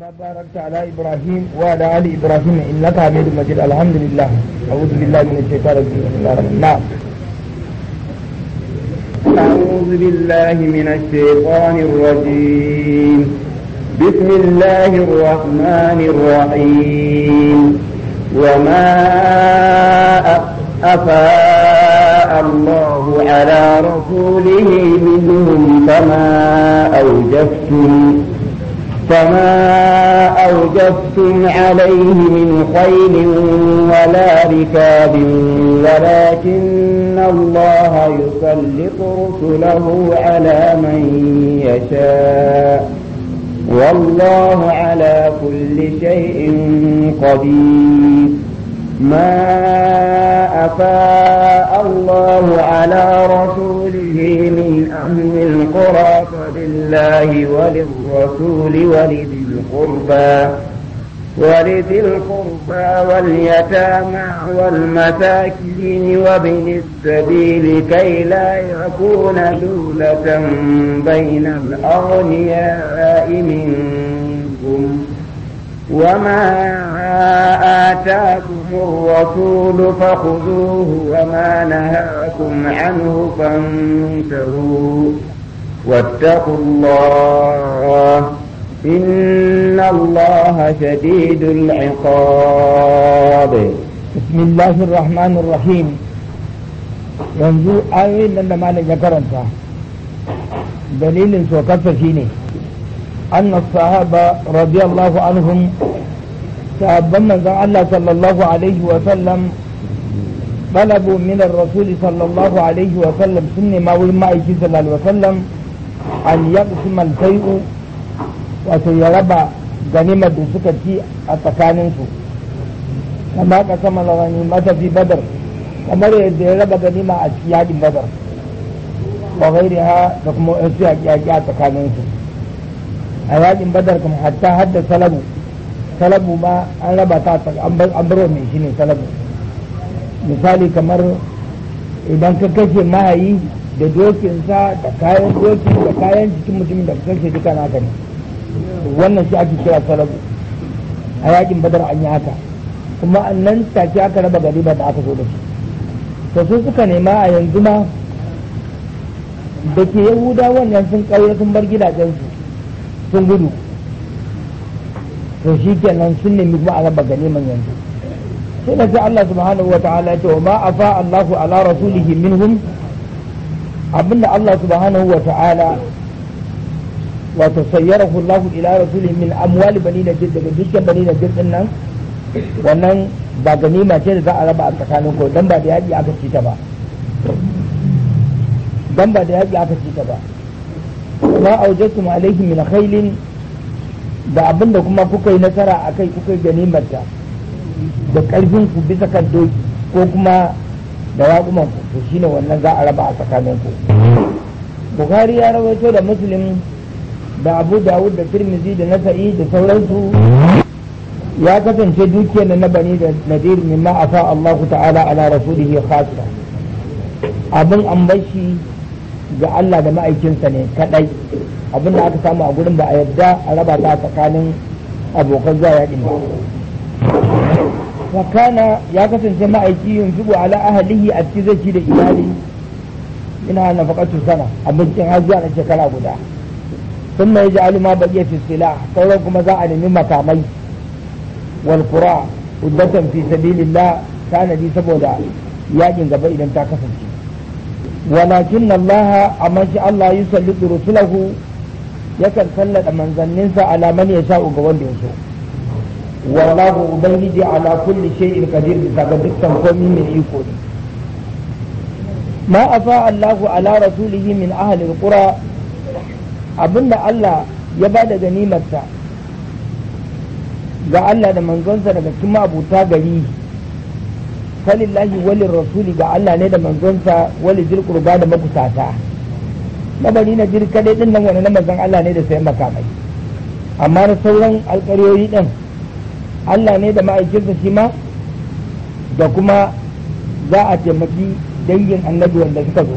كما باركت على ابراهيم وعلى ال ابراهيم انك حميد مجيد الحمد لله اعوذ بالله من الشيطان الرجيم بسم الله الرحمن نعم أعوذ بالله من الشيطان الرجيم بسم الله الرحمن الرحيم وما أفاء الله على رسوله منهم فما أوجبتم فما أوجبتم عليه من خيل ولا ركاب ولكن الله يسلط رسله على من يشاء والله على كل شيء قدير ما أفاء الله على رسوله من أهل القرى فلله وللرسول ولذي القربى ولذي القربى واليتامى والمساكين وابن السبيل كي لا يكون دولة بين الأغنياء منكم وما آتاكم الرسول فخذوه وما نهاكم عنه فانتهوا واتقوا الله إن الله شديد العقاب بسم الله الرحمن الرحيم ينزو آيين لما لك ذكرتها دليل سوكتها فيني أن الصحابة رضي الله عنهم تأبنا أن الله صلى الله عليه وسلم طلبوا من الرسول صلى الله عليه وسلم سنة ما ما صلى الله عليه وسلم أن يقسم الفيء وسيربى غنيمة سكتي أتكاننسو كما قسم الغنيمة في بدر وما يربى غنيمة أتياج بدر وغيرها تقمو أسياج أتكاننسو a yakin badar kuma hatta hadda salabu salabu ma an raba ta an bar mai shi ne salabu misali kamar idan ka kashe mahayi da dokinsa da kayan dokin da kayan jikin mutumin da ka kashe duka naka ne wannan shi ake kira salabu a yakin badar an yi haka kuma annan take aka raba ba da aka zo da su to sun suka nema a yanzu ma da ke yahudawan wannan sun kauye sun bar gidajensu sun gudu to shi kenan sun nemi kuma a raba ganiman yanzu sai da sai Allah subhanahu wa ta'ala ya ce wa ma afa Allahu ala rasulihi minhum abinda Allah subhanahu wa ta'ala wato sayyarahu Allahu ila rasulihi min amwali bani najid daga dukkan bani da din nan wannan ba ganima ce da za a raba a tsakanin ko dan ba da yaƙi aka ci ta ba dan ba da yaƙi aka ci ta ba ma aujattum alaihi min khailin da abin da kuma kuka yi nasara a kai kuka yi ganimarta da ƙarfin ku bisa kan doki ko kuma da raƙuman ku to shine wannan za a raba a tsakanin ku Bukhari ya rawaito da Muslim da Abu Dawud da Tirmidhi da Nasa'i da sauransu ya kasance dukiyar na bani da nadir mimma afa allahu ta'ala ala rasulihi khassa abin an bashi ga Allah da ma'aikinsa ne kadai abinda aka samu a gurin ba a yadda a raba ta tsakanin abokan zuwa yaɗin ba fakana ya kasance ma'aiki yin zubu ala ahalihi a cikin zai da iyali ina nafakatu sana abincin har zuwa na shekara guda sun mai ji alima ba iya sila sauran kuma za a nemi makamai wal qura uddatan fi sabilillah tanadi saboda yaƙin gaba idan ta kasance walakin Allah amma shi Allah yi sallitu rusulahu yakan sallada manzanninsa ala man ya sha'u ga wanda ya so wallahu ubangiji ala kulli shay'in qadir bisa ga dukkan komai mai iko ne ma afa Allah ala rasulihi min ahli alqura abinda Allah ya ba da ganimarsa ga Allah da manzonsa daga cikin abuta gari falillahi walin rasuli ga Allah ne da manzonsa wali zil qurba da makusata mabani na jir kadai din nan wani na manzon Allah ne da sayan makamai amma na sauran alƙaryoyi din Allah ne da ma'aikinsa shi ma da kuma za a taimaki dangin annabi wanda suka zo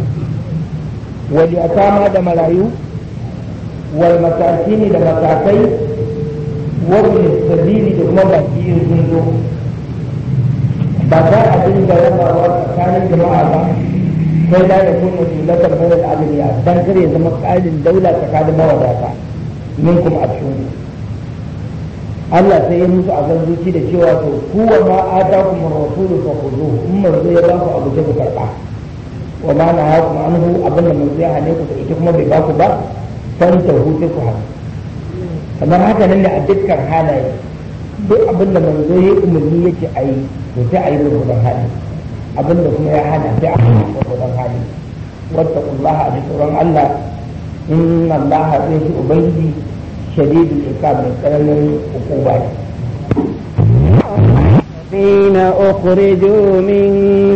wali asama da marayu wal ne da matakai wa sabili da kuma baki sun zo ba za a dinga rabawa tsakanin jama'a ba sai da ya kuma julatar mawar alamiya don kare zama ƙarin daula tsakanin mawadata minkum a cikin Allah sai ya musu azan zuci da cewa to kuwa ma atakum rasulu fa khudhu in manzo ya baku abu da karba wa ma na hakum anhu abinda manzo ya hane ku da ita kuma bai baku ba san ta hutu ku haka kamar haka nan ne a dukkan halaye duk abin da manzo ya umarni yake a yi to ta a yi gudan hali abin da kuma ya hana ta a yi gudan hali wata kullaha a tsoron Allah in Allah zai shi shadidu shadidul iqab mai tsananin hukuma ne الذين أخرجوا من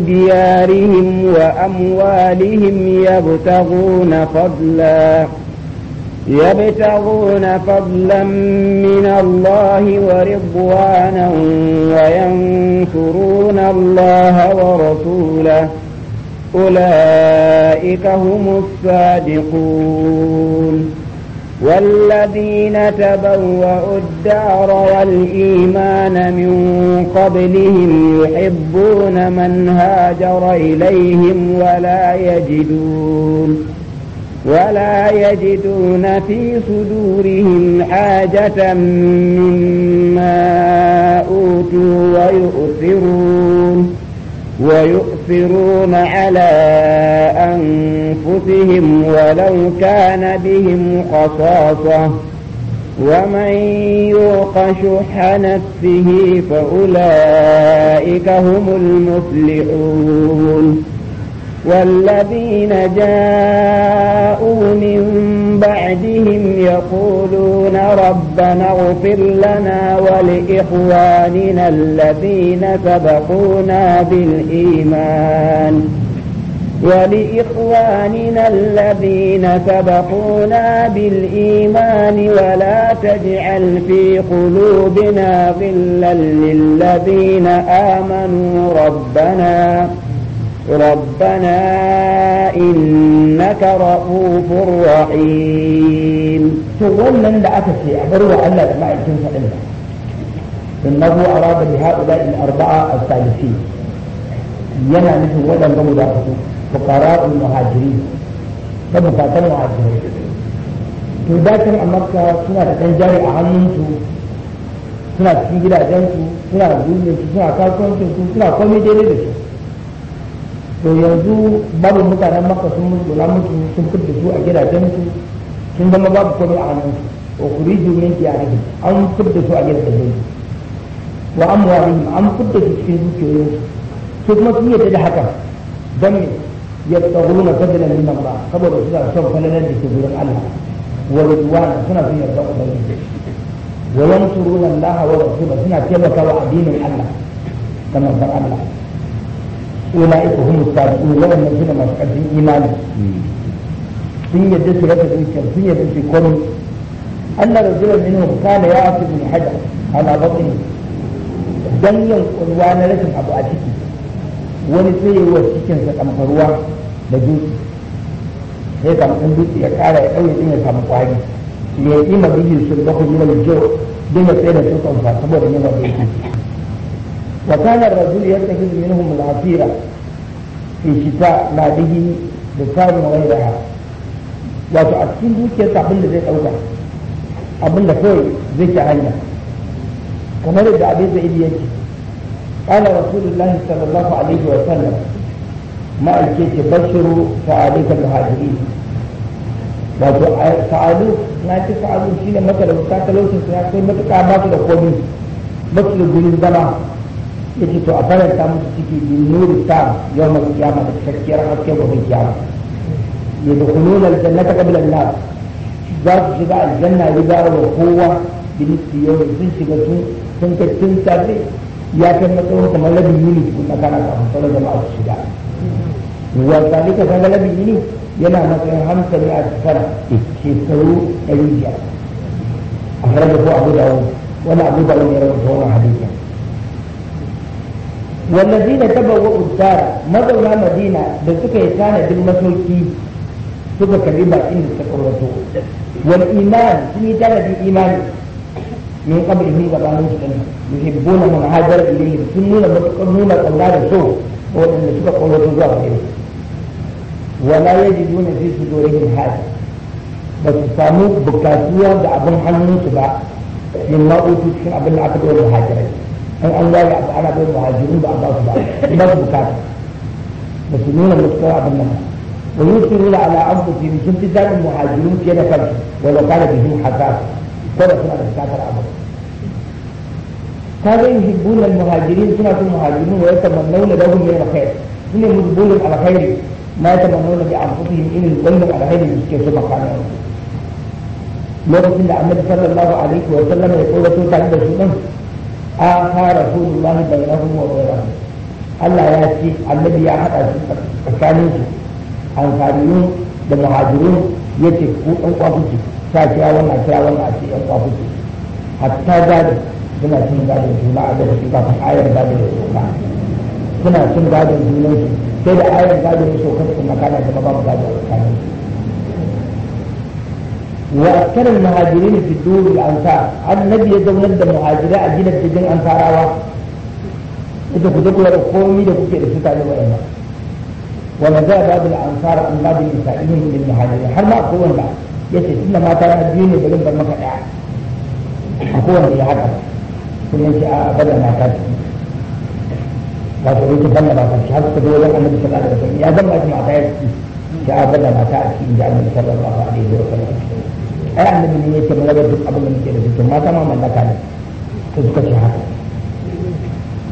ديارهم وأموالهم يبتغون فضلاً يبتغون فضلا من الله ورضوانا وينصرون الله ورسوله أولئك هم الصادقون والذين تبوأوا الدار والإيمان من قبلهم يحبون من هاجر إليهم ولا يجدون ولا يجدون في صدورهم حاجة مما أوتوا ويؤثرون ويؤثرون على أنفسهم ولو كان بهم خصاصة ومن يوق شح نفسه فأولئك هم المفلحون والذين جاءوا من بعدهم يقولون ربنا اغفر لنا ولإخواننا الذين سبقونا بالإيمان ولإخواننا الذين سبقونا بالإيمان ولا تجعل في قلوبنا غلا للذين آمنوا ربنا ربنا ربنا إنك رؤوف رحيم تقول تولن لأكسي أبروا ألا لما يجنس إلا إنه أراد بهؤلاء الأربعة الثالثين ينا نحن ولا ولن بمدافعه فقراء المهاجرين فمقاتل المهاجرين تذاكر أمرك سنة تنجاري أعلمت سنة تنجاري أعلمت سنة تنجاري أعلمت سنة تنجاري أعلمت سنة تنجاري أعلمت to yanzu babu mutanen maka sun musgula mutu sun fita su a gidajensu sun zama babu komai a hannunsu wa kuriju min yare an fita su a gidajensu wa amwalihim an fita su cikin zuciyoyin su kuma sun yadda da hakan don me yattaghuna nan nan ba saboda suna son falalar da ke gurin Allah wa ridwana suna son yarda ubangiji wa yansuruna Allah wa rasulahu suna taimakawa addinin Allah kamar dan Allah أولئك هم الصادقون ومن نزل ما تقدم إيمانه sun yadda su rasa dukiyar sun yadda su komai Allah da zuwa minu kana ya asu min hajar ala batin dan kurwa na rashin abu a ciki wani sai yi wa cikin sa kamar da dutse sai kamar ɗan dutse ya kara ya ɗauye din ya samu kwari ya yi ma biyu su da kuma yi wa jiyo din ya tsaye da su kamfa saboda yin da وكان الرجل يتخذ منهم العصيرة في شتاء ما به وغيرها wato a cikin dukiyarsa abin da zai ɗauka abin da zai ci hanya kamar yadda abin da idi yake قال رسول الله صلى الله عليه وسلم ما الكيت بشروا فعليك المهاجرين wato fa'alu na ce fa'alu shine maka da bukatar lokacin ya kai matuƙa ba su da komi ba su da gurin zama yake to a faranta musu ciki bin nuri ta yau mai kiyama da cikakkiyar haske gobe kiyama ya da aljanna aljannata kabilan nas za su shiga aljanna riga wa kowa da nufi yau sun shiga sun sun kai sun safe ya kai matsayin kamar rabin yini cikin tsakana kafin da jama'a su shiga wa zalika kan rabin yini yana matsayin hankali a tsara shekaru ɗari biyar a farar da ko abu da wani abu da wani ya rabu da wani hadisi wallazina tabawwa'u dara mazauna madina da suka yi tanadin masauki suka karbi bakin da suka kaurato wal iman sun yi da imani min qablihi gabanin su din yuhibbuna man hajara ilayhi sun nuna matukar nuna kalla da so waɗanda suka kaurato zuwa gare wala yajiduna fi sudurihim haja ba su samu bukatuwa da abin hannunsu ba min ma'utu cikin abin da aka dora hajarai أي أن لا يعد على بين المهاجرين بعض بعض الناس بكافر مسلمين المتكوى بالنفس ويؤثرون على أنفسهم جلد ذات المهاجرين كي نفر ولو كان بهم حساس كل سنة بكافر أبدا كانوا يحبون المهاجرين سنة المهاجرين ويتمنون لهم من الخير هم يحبون على خير ما يتمنون بأنفسهم إن الظلم على خير يسكي سبحانه وتعالى لو رسول الله صلى الله عليه وسلم يقول رسول الله آخى رسول الله بينهم وبينهم ya ياتي الذي يحدث تسكانين أنصاريون بمهاجرون يتي wannan قابوتي ساكيا وما كيا وما كيا قابوتي حتى ذلك suna cin gadon juna da su kan ayar gadon da sauka suna cin gadon junan su sai da ayar gadon ya sauka su makana zama babu gadon tsakanin su وأسكن المهاجرين في الدور الأنصار النبي يدعو ندى مهاجراء جنة جن أنصاراوا إذا كنت قومي لكي كيرسيت على وإنا ونزع بعض الأنصار عن بعض نسائهم من المهاجرين هل ما أقول بعد يسي ما ترى الدين بلن بمكة أقول لي هذا كل يسي أبدا ما كان wato yake balla ba shi har suka zo wajen annabi يا alaihi wasallam ya zama shi mata ya ci ta الله عليه وسلم ai annabi ne yake mun rabar duk abin da muke da shi to mata ma mallaka ne to suka ce haka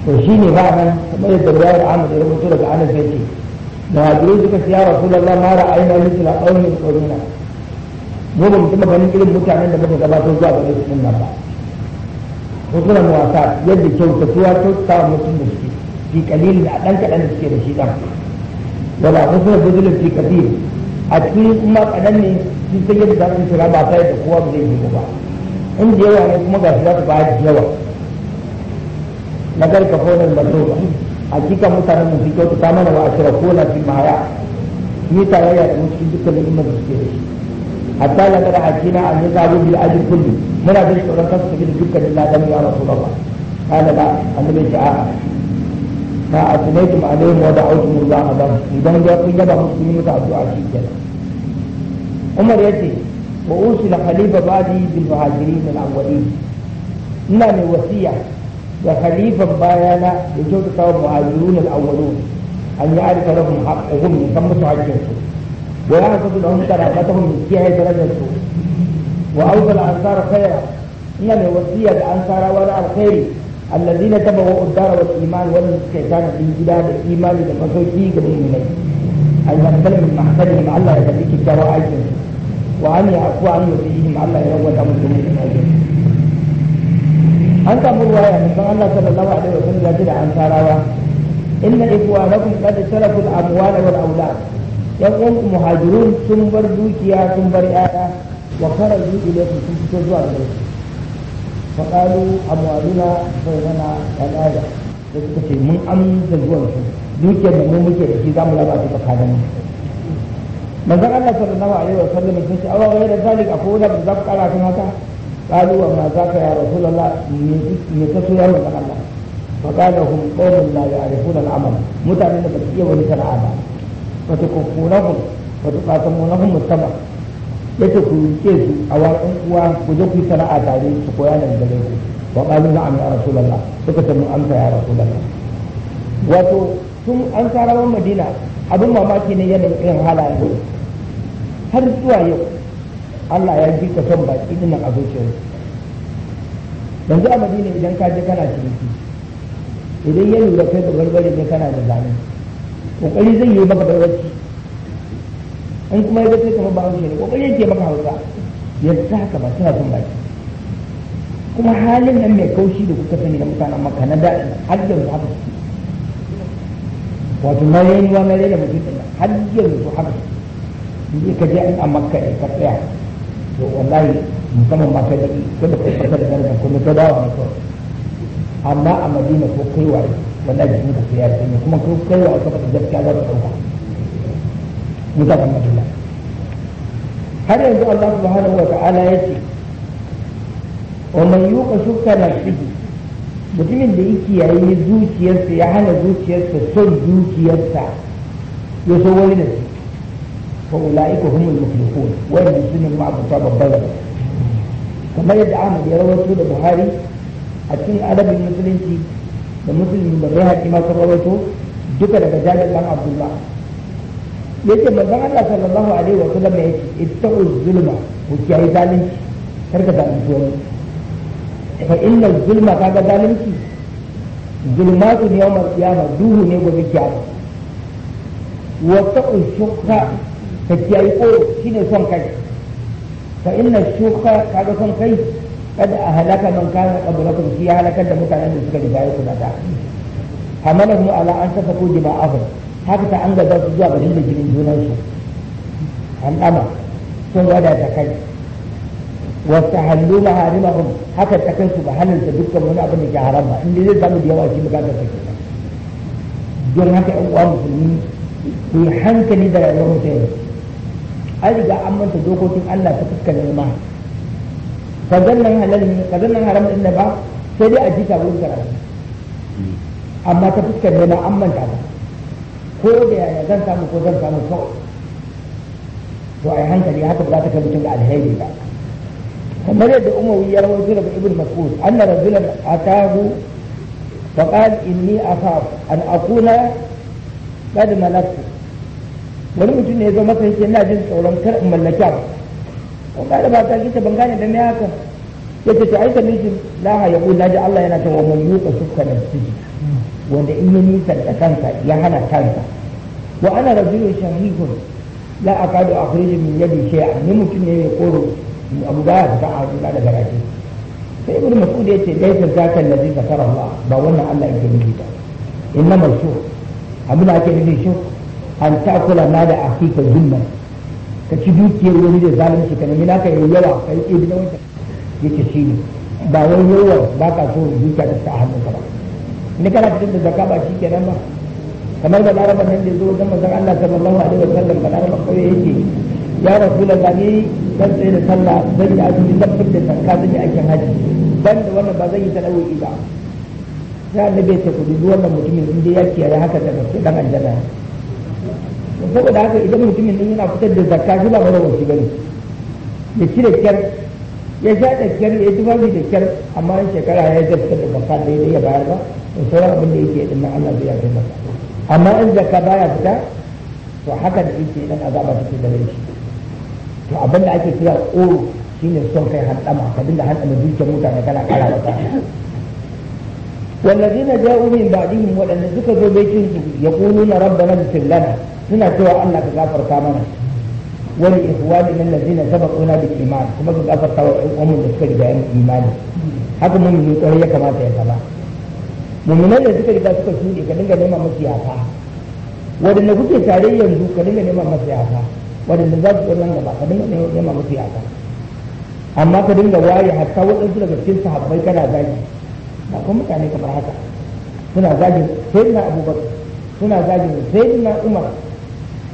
to shi ne ba nan kamar yadda da Ahmad ya rubuta daga Anas ya da hadirai suka ce ya Rasulullah ma ra'ayna mithla qawmin qawmina mu ba mutum ganin irin mutanen da muka gabatar zuwa gare su nan ba hukunan wasa yadda ta kyautata mutum da suke fi kalilin a ɗan kaɗan da suke da shi ɗan wala da budulan fi kafir a cikin kuma kadan ne shi sai yadda za su kira ba ta da kowa ba zai yi ba in da yawa ne kuma ga shi za ta bayar da yawa na garka ba a hakika mutanen mu su kyautata mana wa ko na fi mara ni ta yaya da cikin dukkan al'ummar da suke da shi hatta a kina a an yazabu bil ajr kulli muna da shi kansu su gidi dukkan ladan ya rasulullah kana da annabi sha'a ma asnaytum alaihim wa da'awtum Allah adam idan ya kun yaba musulmi muta addu'a shi kenan عمر يجي وأوصل خليفة بعدي بالمهاجرين الأولين إلا من وسيع وخليفة بايانا لجود كوا المهاجرون الأولون أن يعرف لهم حقهم من كم تعجلتهم ويعرف لهم كرامتهم من كيه درجته وأوفى الأنصار خيرا إلا من وسيع الأنصار وراء الخير الذين تبعوا الدار والإيمان والاستحسان في بلاد الإيمان لمسوكي قبل منه أن يقتل من محسنهم على ذلك الدواء عجلتهم wa an yafu an yusihim Allah ya rawata musu ne da ajin an samu ruwaya ya san Allah sallallahu alaihi wa sallam ya ji da an ansarawa inna ikwanakum qad sharafu al-amwal wal awlad yan uwanku muhajirun sun bar dukiya sun bar yaya wa kharaju ilaykum sun fito zuwa da ku fa qalu amwaluna bainana kalaga da suka ce mun amince zuwan su dukiyar da mu muke da shi za mu raba su tsakanin mu manzon Allah sallallahu alaihi wa sallam sun ce awa gaira zalik akwai wani abu za ku kara kan haka qalu wa ma za zaka ya rasulullah me ka so ya manzon Allah fa qala hum qawmun la ya'rifuna al-amal mutane da ba su iya wani sana'a ba fa tukunahum fa tuqatamunahum mustama yace ku rike su a wasan uwa ku je ku yi sana'a tare su koya daga gare ku wa qalu na'am ya rasulullah suka ce mun amsa ya rasulullah wato tun an tsara madina abin mamaki ne yanayin irin halayen har zuwa yau Allah ya ji ka son baki din nan a zuciyarsu yanzu a madina idan ka je kana ciniki idan ya lura kai da barbare ne kana da zanen kokari zai yi maka barbarci in kuma yadda sai kamar ba haushe ne kokari yake maka hausa yanzu haka ba suna son baki kuma halin nan mai kaushi da kuka sani na mutanen maka na daɗi har yanzu haka su wato na yayin ruwa na rena mutum har yanzu haka su in ka je a makka ne ka tsaya to muka memakai lagi kena kata kada ka kena kata garin kuma ka amat ne kawai amma a madina ko kai wa wallahi jikin ka tsaya ne kuma ko kai wa ka fata gaskiya za ka dauka mutanen madina har yanzu Allah subhanahu wa ta'ala ya ce wa man yuqa shukka nafsihi mutumin da yake yayi zuciyarsa ya hana zuciyarsa son zuciyarsa ya so wani da shi fa ulaika humul muflihun wa in sunan ma abu babban kamar yadda Ahmad ya rawaito da Buhari a cikin adabin musulunci da musulmi da bai haƙi masu rawaito duka daga jabir dan Abdullah yake manzon Allah sallallahu alaihi wa sallam ya ce ittaqu zulma ku kiyaye zalunci kar ka zalunci wani zulma kaga zalunci zulmatu yawmal duhu ne gobe kiyama wa ka kiyaye shi shine son kai fa inna shuka kaga son kai kada a halaka man kana qablakum shi halakar da mutanen da suka riga ku da mu ala an ba jima'ahum haka ta an gaza su zuwa ga dinda jinin su. an dama sun wada ta kai wasu hallu harimahum haka ta kai su ba halinta dukkan wani abin da ke haram ba inda zai samu da yawa shi bukatar ta kenan don haka yan uwa musulmi ku yi hankali da rayuwar mutane an riga an manta dokokin Allah ta fuskar nema kazan nan halal ne kazan haram ba sai dai a jita wurin karatu amma ta fuskar nema an manta ba ko da yaya zan samu ko zan samu kawai to a yi hankali haka ba ta kai da alheri ba kamar yadda umaru ya rawaito daga ibn mas'ud anna rajulan atahu فقال إني أخاف akuna أكون قد ملكت wani mutum ne ya zo masa yake ina jin tsoron kar in mallaki abu ko ga da ba ta kike ban gane dan me haka yace to aika miji la ha yaqul la ja Allah yana ta wa man yuqa sukka nafsihi wanda in yi nisa da kansa ya hana kansa wa ana rajulun shahihun la aqadu akhrij min yadi shay'a ni mutum ne mai koro abu da ta a da da garaje sai ibn mas'ud yace ta zakal ladhi zakara Allah ba wannan Allah yake nufi ba innamal shuh abin da ake nufi shuh an ta'kula ma da akika zulman ka ci dukiyar wani da zalunci ka nemi naka yayi yawa ka yi ibn wanda yake shi ne ba wai yawa ba ka so dukiya ta ta hannu ka ba ni kana fitar da zakka ba shi kenan ba kamar da larabar nan da zo wajen manzon Allah sallallahu alaihi wasallam ba larabar kawai yake ya rasulullah gani dan tsaye da sallah zan yi azumi zan fitar da zakka zan yi aikin haji ban da wannan ba zan yi talawuyi ba sai annabi ya ce ku dubi wannan mutumin in dai ya kiyaye haka daga dan aljanna saboda haka idan mutumin din yana fitar da zakka shi ba marawanci bane ya ci da kyar ya sha da kyar ya ci bashi da kyar amma in shekara ya zai fitar da zakka daidai ya bayar ba to sauran abin da yake idan Allah zai yafe ba amma in zakka baya fita to haka da yake a azaba take da rai to abin da ake kira ƙoro shine son kai haddama ka dinga haddama dukiyar mutane kana kara masa والذين جاءوا من بعدهم ولن سكا زو بيتين يقولون ربنا اغفر لنا سنا سوى الله كغفر كامنا ولإخواننا الذين سبقونا بالإيمان كما كغفر توا أم 'yan بأن إيمان haka mumini kwarai ya kamata ya zama muminan da suka riga suka shuɗe ka dinga nema masu yafa waɗanda kuke tare yanzu ka dinga nema masu yafa waɗanda za su tsoron gaba ka dinga nema masu yafa amma ka dinga waye hatta waɗansu daga cikin sahabbai kana zaki kuma mutane kamar haka suna zagin sayyidina abubakar suna zagin sayyidina umar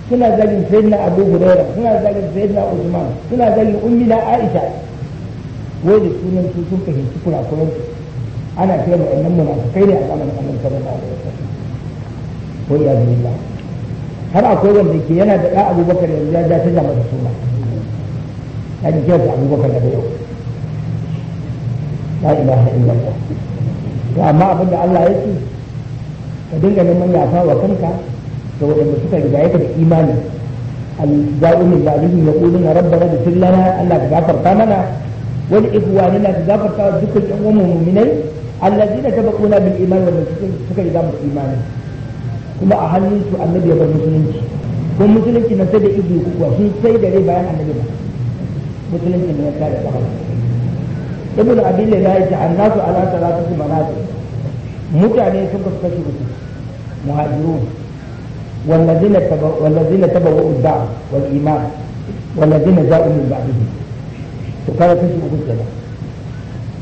suna zagin sayyidina abu huraira suna zagin sayyidina usman suna zagin ummi na aisha wai da sunan su sun fahimci kurakuran su ana kira da annan munafikai ne a zamanin annabi sallallahu alaihi wasallam wai ya zuwa har akwai wanda ke yana da ɗan abubakar yanzu ya ja ta ja masa suna ya ji kira da abubakar daga yau la ilaha illallah to amma abin da Allah ya ce ka dinga neman yafa wa kanka da waɗanda suka riga ka da imani al-ja'u min ba'dihim yaqulu rabbana ighfir lana Allah ka gafarta mana wal ikhwanina ka gafarta dukkan ƴan uwan mu'minai allazina tabaquna bil iman wa suka riga mu imani kuma a hannun su annabi ya bar musulunci kuma musulunci na sai da ibu kuwa sun sai da rai bayan annabi ba musulunci ne ya kare kafa ibn abin da ya ce annasu ala salatu manazil mutane sun kasu kashi uku muhajirun والذين تبوا والذين تبوا الدعوة والإيمان والذين جاءوا من بعدهم وكان تشبه كتلا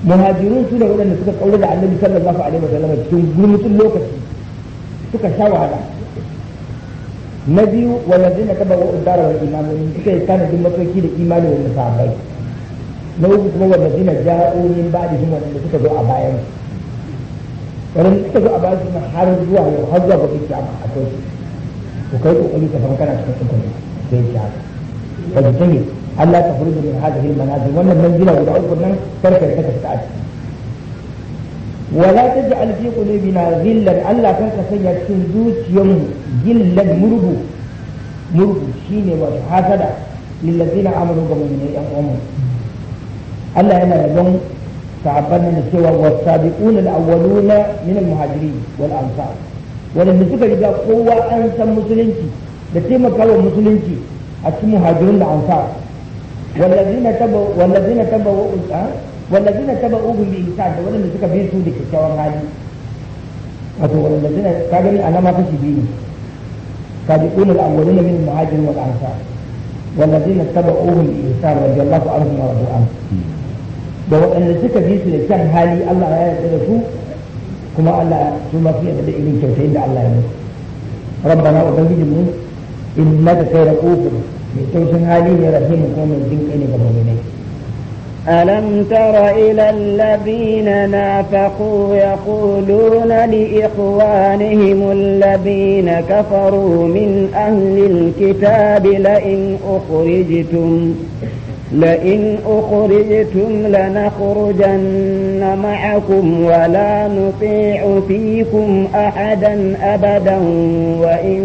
مهاجرون سنة ولا نسكت أولاد عن النبي صلى الله عليه وسلم تكون قلمة اللوكة suka sha wahala na biyu wallazina tabawu ad-dar wal iman wani suka yi tanadin mafarki da imani wa sahabbai nau'i kuma wanda zina ja'o min ba'dihim wanda suka zo a bayan wanda suka zo a bayan su har zuwa yau har zuwa gobe kiyama a kai su to kai kokari ka san kana cikin cikin sai ya haka ka ji tani Allah ta furta min hadhihi al-manazil wannan manzila guda uku nan karka ka tafi a ciki ولا تجعل في قلوبنا غلا الله كان سنيا cikin zuciyarmu gillan murgu murgu shine wato hasada lillazina amanu ga mu'minai yan uwanmu Allah yana rabon sahabban da cewa wasabiquna al min al-muhajirin wal ansar wanda suka riga kowa an san musulunci da taimakawa musulunci a cikin muhajirin da ansar wallazina tabu wallazina tabu wallazina tabu'uhum bi ihsan da wanda suka bi su da kyakkyawan hali wato wallazina ka gani alama kashi biyu ne sabiquna al-awwaluna min al-muhajirin wal ansar da waɗanda suka fi su da kyan hali Allah ya yarda da su kuma Allah su ma su yarda da irin kyautai da Allah ya musu rabbana wa bangiji mu in innaka kai da raqufun mai taushin hali ne rahim ko mai jin kai ne ga mu'minai ألم تر إلى الذين نافقوا يقولون لإخوانهم الذين كفروا من أهل الكتاب لئن أخرجتم لئن أخرجتم لنخرجن معكم ولا نطيع فيكم أحدا أبدا وإن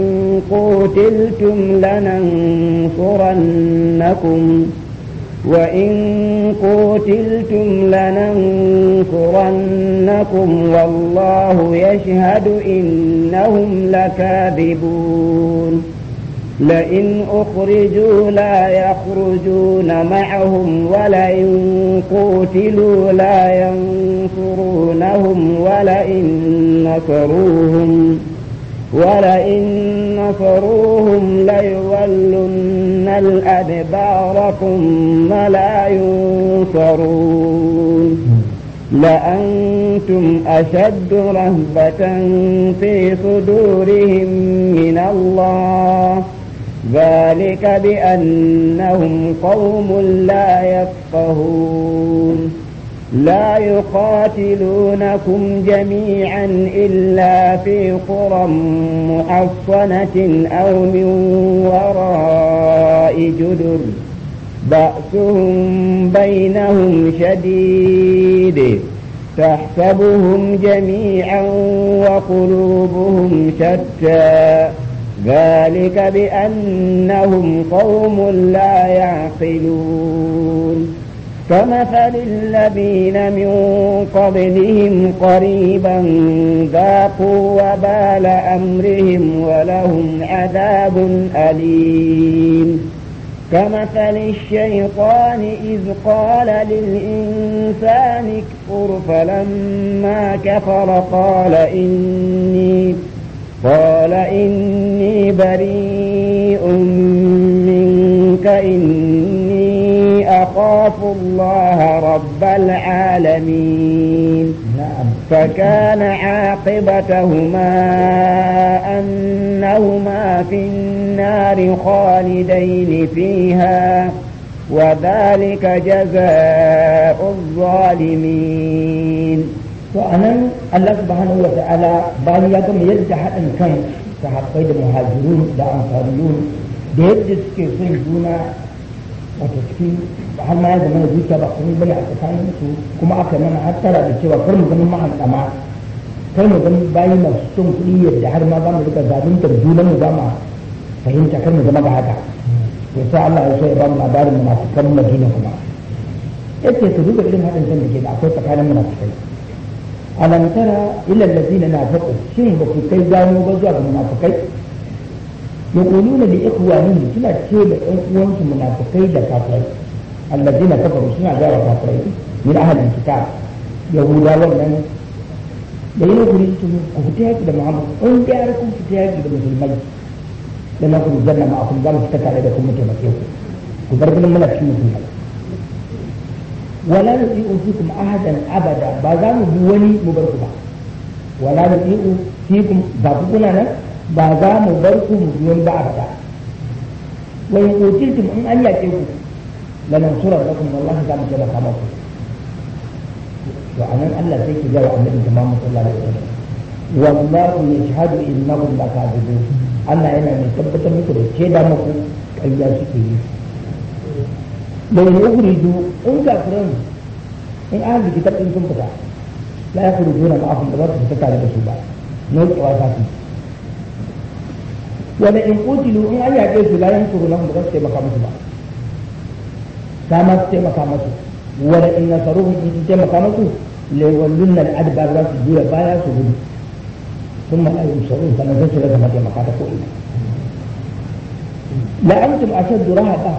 قتلتم لننصرنكم وإن قتلتم لننصرنكم والله يشهد إنهم لكاذبون لئن أخرجوا لا يخرجون معهم ولئن قوتلوا لا ينصرونهم ولئن نصروهم ولئن نصروهم ليولن الأدبار ثم لا ينصرون لأنتم أشد رهبة في صدورهم من الله ۖ ذلك بأنهم قوم لا يفقهون لا يقاتلونكم جميعا إلا في قرى محصنة أو من وراء جدر بأسهم بينهم شديد تحسبهم جميعا وقلوبهم شتى ذلك بأنهم قوم لا يعقلون كمثل الذين من قبلهم قريبا ذاقوا وبال أمرهم ولهم عذاب أليم كمثل الشيطان إذ قال للإنسان اكفر فلما كفر قال إني قال إني بريء منك إني أخاف الله رب العالمين نعم. فكان عاقبتهما أنهما في النار خالدين فيها وذلك جزاء الظالمين to anan Allah subhanahu wa ta'ala bayan ya gama yadda haɗin kan sahabbai da muhajirun da amfaniyun da yadda suke son juna wato cikin har ma ya zama zuciya ba kuma bane a tsakanin su kuma aka mana hattara da cewa kar mu zama mahankama kar mu zama bayi masu son kuɗi yadda har ma za mu rika zabintar junan mu za mu fahimta kar mu zama ba haka to sai Allah ya so ya ba mu labarin kan Madina kuma yake su duka irin haɗin kan da ke da akwai tsakanin munafikai ألم ترى إلى الذين نافقوا شيء بفكي دائم وبزر منافقي يقولون لإخوانهم كلا شيء بإخوان منافقي دكافري الذين كفروا سنع دار كافري من أهل الكتاب يهودا ومن لأنه يقول لكم كفتها كده معامل أنت أعرفكم كفتها كده مثل الميت لن أخذ الجنة مع أخذ الجنة فتكى لكم متى مكيوكم كفر من الملك شمس الملك wala nuti'u a ahadan abada ba za mu bi wani mu bar ku ba wala nuti'u kuma ba ku kuna nan ba za mu bar ku mu bi wani ba abada wa in utiltum in an yake ku da kuma wallahi za mu kama ku to anan Allah sai ki ga wa annabi jama'a sallallahu alaihi wasallam wallahu yashhadu innahum lakadibun Allah yana mai tabbatar muku da ke da muku ƙarya suke yi bai yukhriju in kafiran in an kitab in sun fita la yakhrujuna ma'ahum da ba su fita tare da su ba nauƙewa ta su wala in qutilu in an yaƙe su la yankuru lahum da ba su taimaka musu ba ta ma taimaka masu wala in nasaruhum in sun taimaka masu lewallunna al'adbar za su jura baya su gudu ثم لا ينصرون فلا تنسوا لك ما تيما قاتل لا أنتم أشد رهبة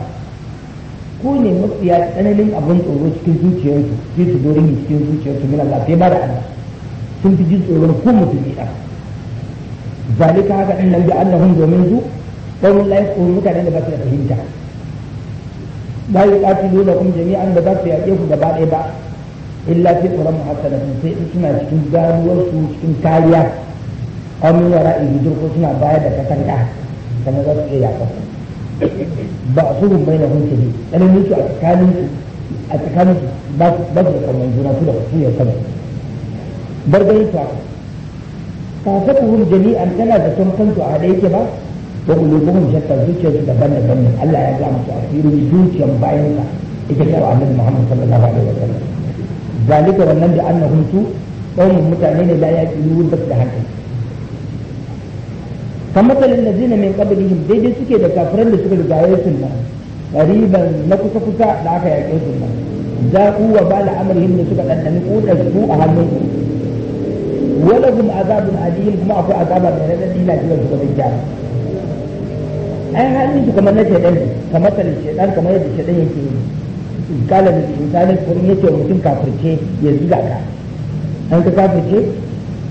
ko ne mafiya tsananin abin tsoro cikin zuciyarsu sai su dori ne cikin zuciyarsu mina za ta ba da Allah sun fi jin tsoron ko mutum ya ɗan zalika haka ɗin nan da hun domin su ɗaurin layi tsoron mutanen da ba su da fahimta ƙafi yuqatilu kun jami'an da ba su yaƙe ku gaba ɗaya ba illa fi tsoron sun sai in suna cikin ganuwarsu cikin kariya amin wara'i hijir ko suna bayar da katanga sannan za su iya yaƙa ba su hun bai na hunce ne tsananin su a tsakanin su a tsakanin su ba su da kamar juna su da su ya sama barbayin ta kasakuhum jami'an tana da son kansu a haɗe yake ba wa ulubuhum shakka zuciyarsu daban daban ne Allah ya ga musu asirin zuciyar bayansa ita ce wa annabi Muhammad sallallahu da annahum su ɗaurin mutane ne la yaqilun ba su da hankali kamar da zina mai kabilihim daidai suke da kafarar da suka riga ya yi sunna ƙariban na kusa kusa da aka yaƙe ba za ku ba da amarhim da suka ɗanɗani ƙuɗa su a hannun su wala gum azabun adiyin kuma akwai azaba mai rana na dila su gaban gyara ai hannun su na shaidan su kamar da shaidan kamar ya shaidan yi kala da shaidan mutum kafirce yanzu ka an ka kafirce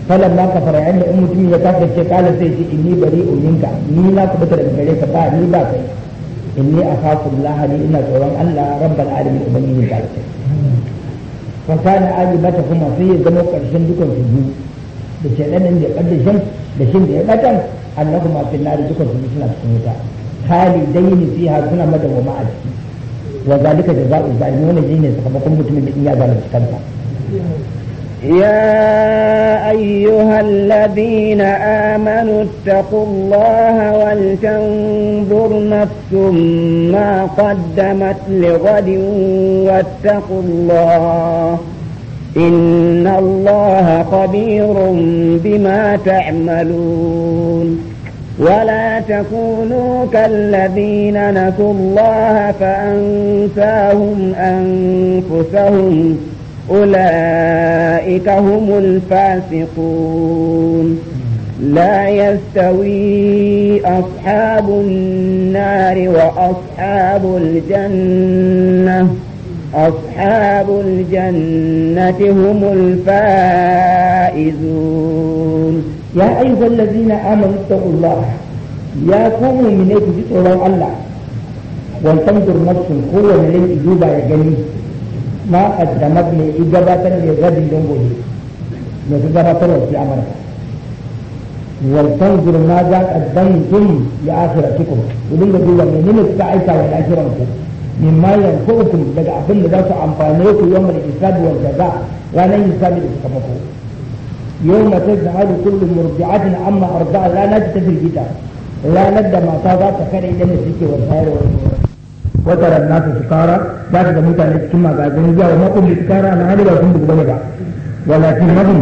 falan ma ka fara yanda in mutum ya ce kala sai ce inni bari uminka ni na bata daga gare ka ba ni ba kai inni a lahani ina tsoron Allah rabbal alamin ne ta ce fa kana kuma sai ya zama karshen dukan su biyu da ce dan da kadda shin da shin da ya batan annahu ma fil nar dukan su suna cikin wuta khalidaini fiha suna madawama a ciki wa zalika jazaa'u zalimin wannan shine sakamakon mutumin da in ya zalunci kansa يا أيها الذين آمنوا اتقوا الله ولتنظر نفس ما قدمت لغد واتقوا الله إن الله خبير بما تعملون ولا تكونوا كالذين نسوا الله فأنساهم أنفسهم أولئك هم الفاسقون لا يستوي أصحاب النار وأصحاب الجنة أصحاب الجنة هم الفائزون يا أيها الذين آمنوا اتقوا الله يا قوم من أجل الله وانتنظر نفس القوة من أجل يا جميل ما أدمتني إجابة لغد ينبغي نتجرى طرق في أمرك ولتنظر ماذا أدنتم لآخرتكم ولن يقول من من التعيسى والأجرمكم مما ينفعكم لقد أفل ذات أمطانيك يوم الإساد والجزاء وأنا إنسان لكمكم يوم تجعل كل مرضعة عما أرضاء لا نجد في الكتاب لا ندى ما صادت فكان إلى المسيح والخير والمرضى wata da nasu sukara za su ga mutane cikin magazin zuwa wa makon da sukara na hali ba sun bugu bane ba walakin mahim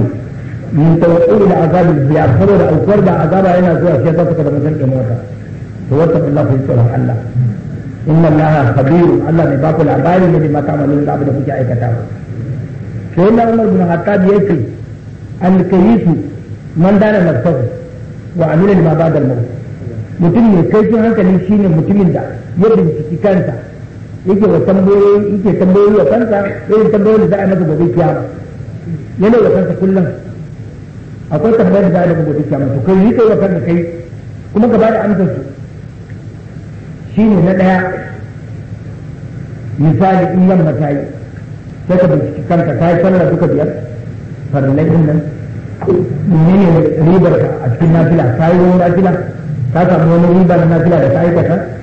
min tawakkul da azabi biya saboda aukuwar da azaba yana zuwa shi za su ka da mutan da mota to wata Allah ku tsoron Allah inna Allah khabir Allah ne ba ku labari ne ma ta'malun da abin da kuke aikata sai na Umar bin Khattab yake al-kayisu man dana nafsahu wa amila lima ba'da al-maut mutum ne kai hankali shine mutumin da ya binciki kanta yake wa tambayoyi yake tambayoyi wa kanta sai tambayoyin da za a masa gobe kiyama yana wa kansa kullum akwai tambayar da za a masa gobe kiyama to kai yi wa kanta kai kuma gaba da amsar su shine na daya misali in yamma ta yi sai ka binciki kanka ta yi sallar duka biyar farillai din nan menene ribar a cikin nafila ta yi wani nafila ta samu wani ribar nafila da ta aikata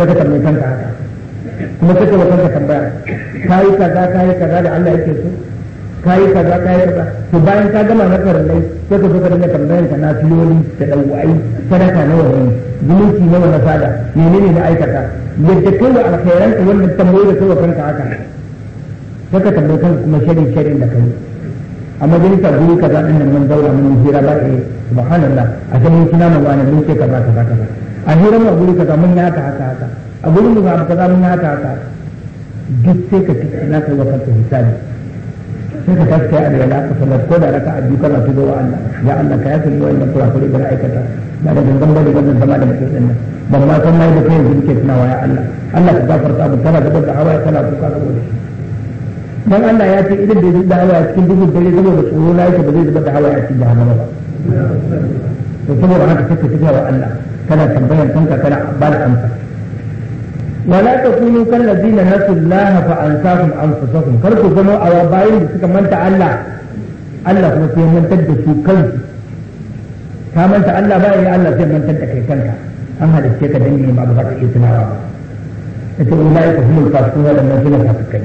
sai ka tambayi kanka haka kuma sai ka wa kanka tambaya kayi kaza kayi kaza da Allah yake so kayi kaza kayi kaza to bayan ka gama na farallai sai ka zo ka dinga tambayan ka na filoli da dawai sadaka nawa ne zumunci nawa na fada menene na aikata yadda kai wa alkhairan ka wanda tambayi da kai wa kanka haka sai ka tambayi kanka kuma shirin shirin da kai amma dai ta guri kaza din nan mun daura mun hira ba eh subhanallah a san mun kina mu wani mun ce kaza kaza kaza a hira mu a guri kaza mun yi haka haka haka a gurin mu abu kaza mun yi haka haka duk sai ka tuki na kai yi wa hisabi sai ka tashi kai alwala laka sanar ko da raka a duka masu zuwa wa Allah ya Allah ka yafi ni wannan kurakure da aikata ba da gangan ba da gangan zama da mutum din nan ban ma san mai da kai zuke suna waya Allah Allah ka gafarta mu kana gaban da hawa kana kuka saboda shi dan Allah ya ce idan bai zuba hawa a cikin dubu dare da tsoro na yake ba zai zuba da hawa a cikin jahannama ba to saboda haka sai ka shiga wa Allah kana tambayan kanka kana ba da amsa wala takunu kal ladina nasullaha fa ansahum anfusahum kar ku zama a bayin da suka manta Allah Allah kuma sai mantar da su kansu ka manta Allah ba ya Allah sai mantar da kai kanka an halicce ka dan ne ba ba ka iya tunawa ba ita ulaika humul fasiqun wa annabiyuna fasikai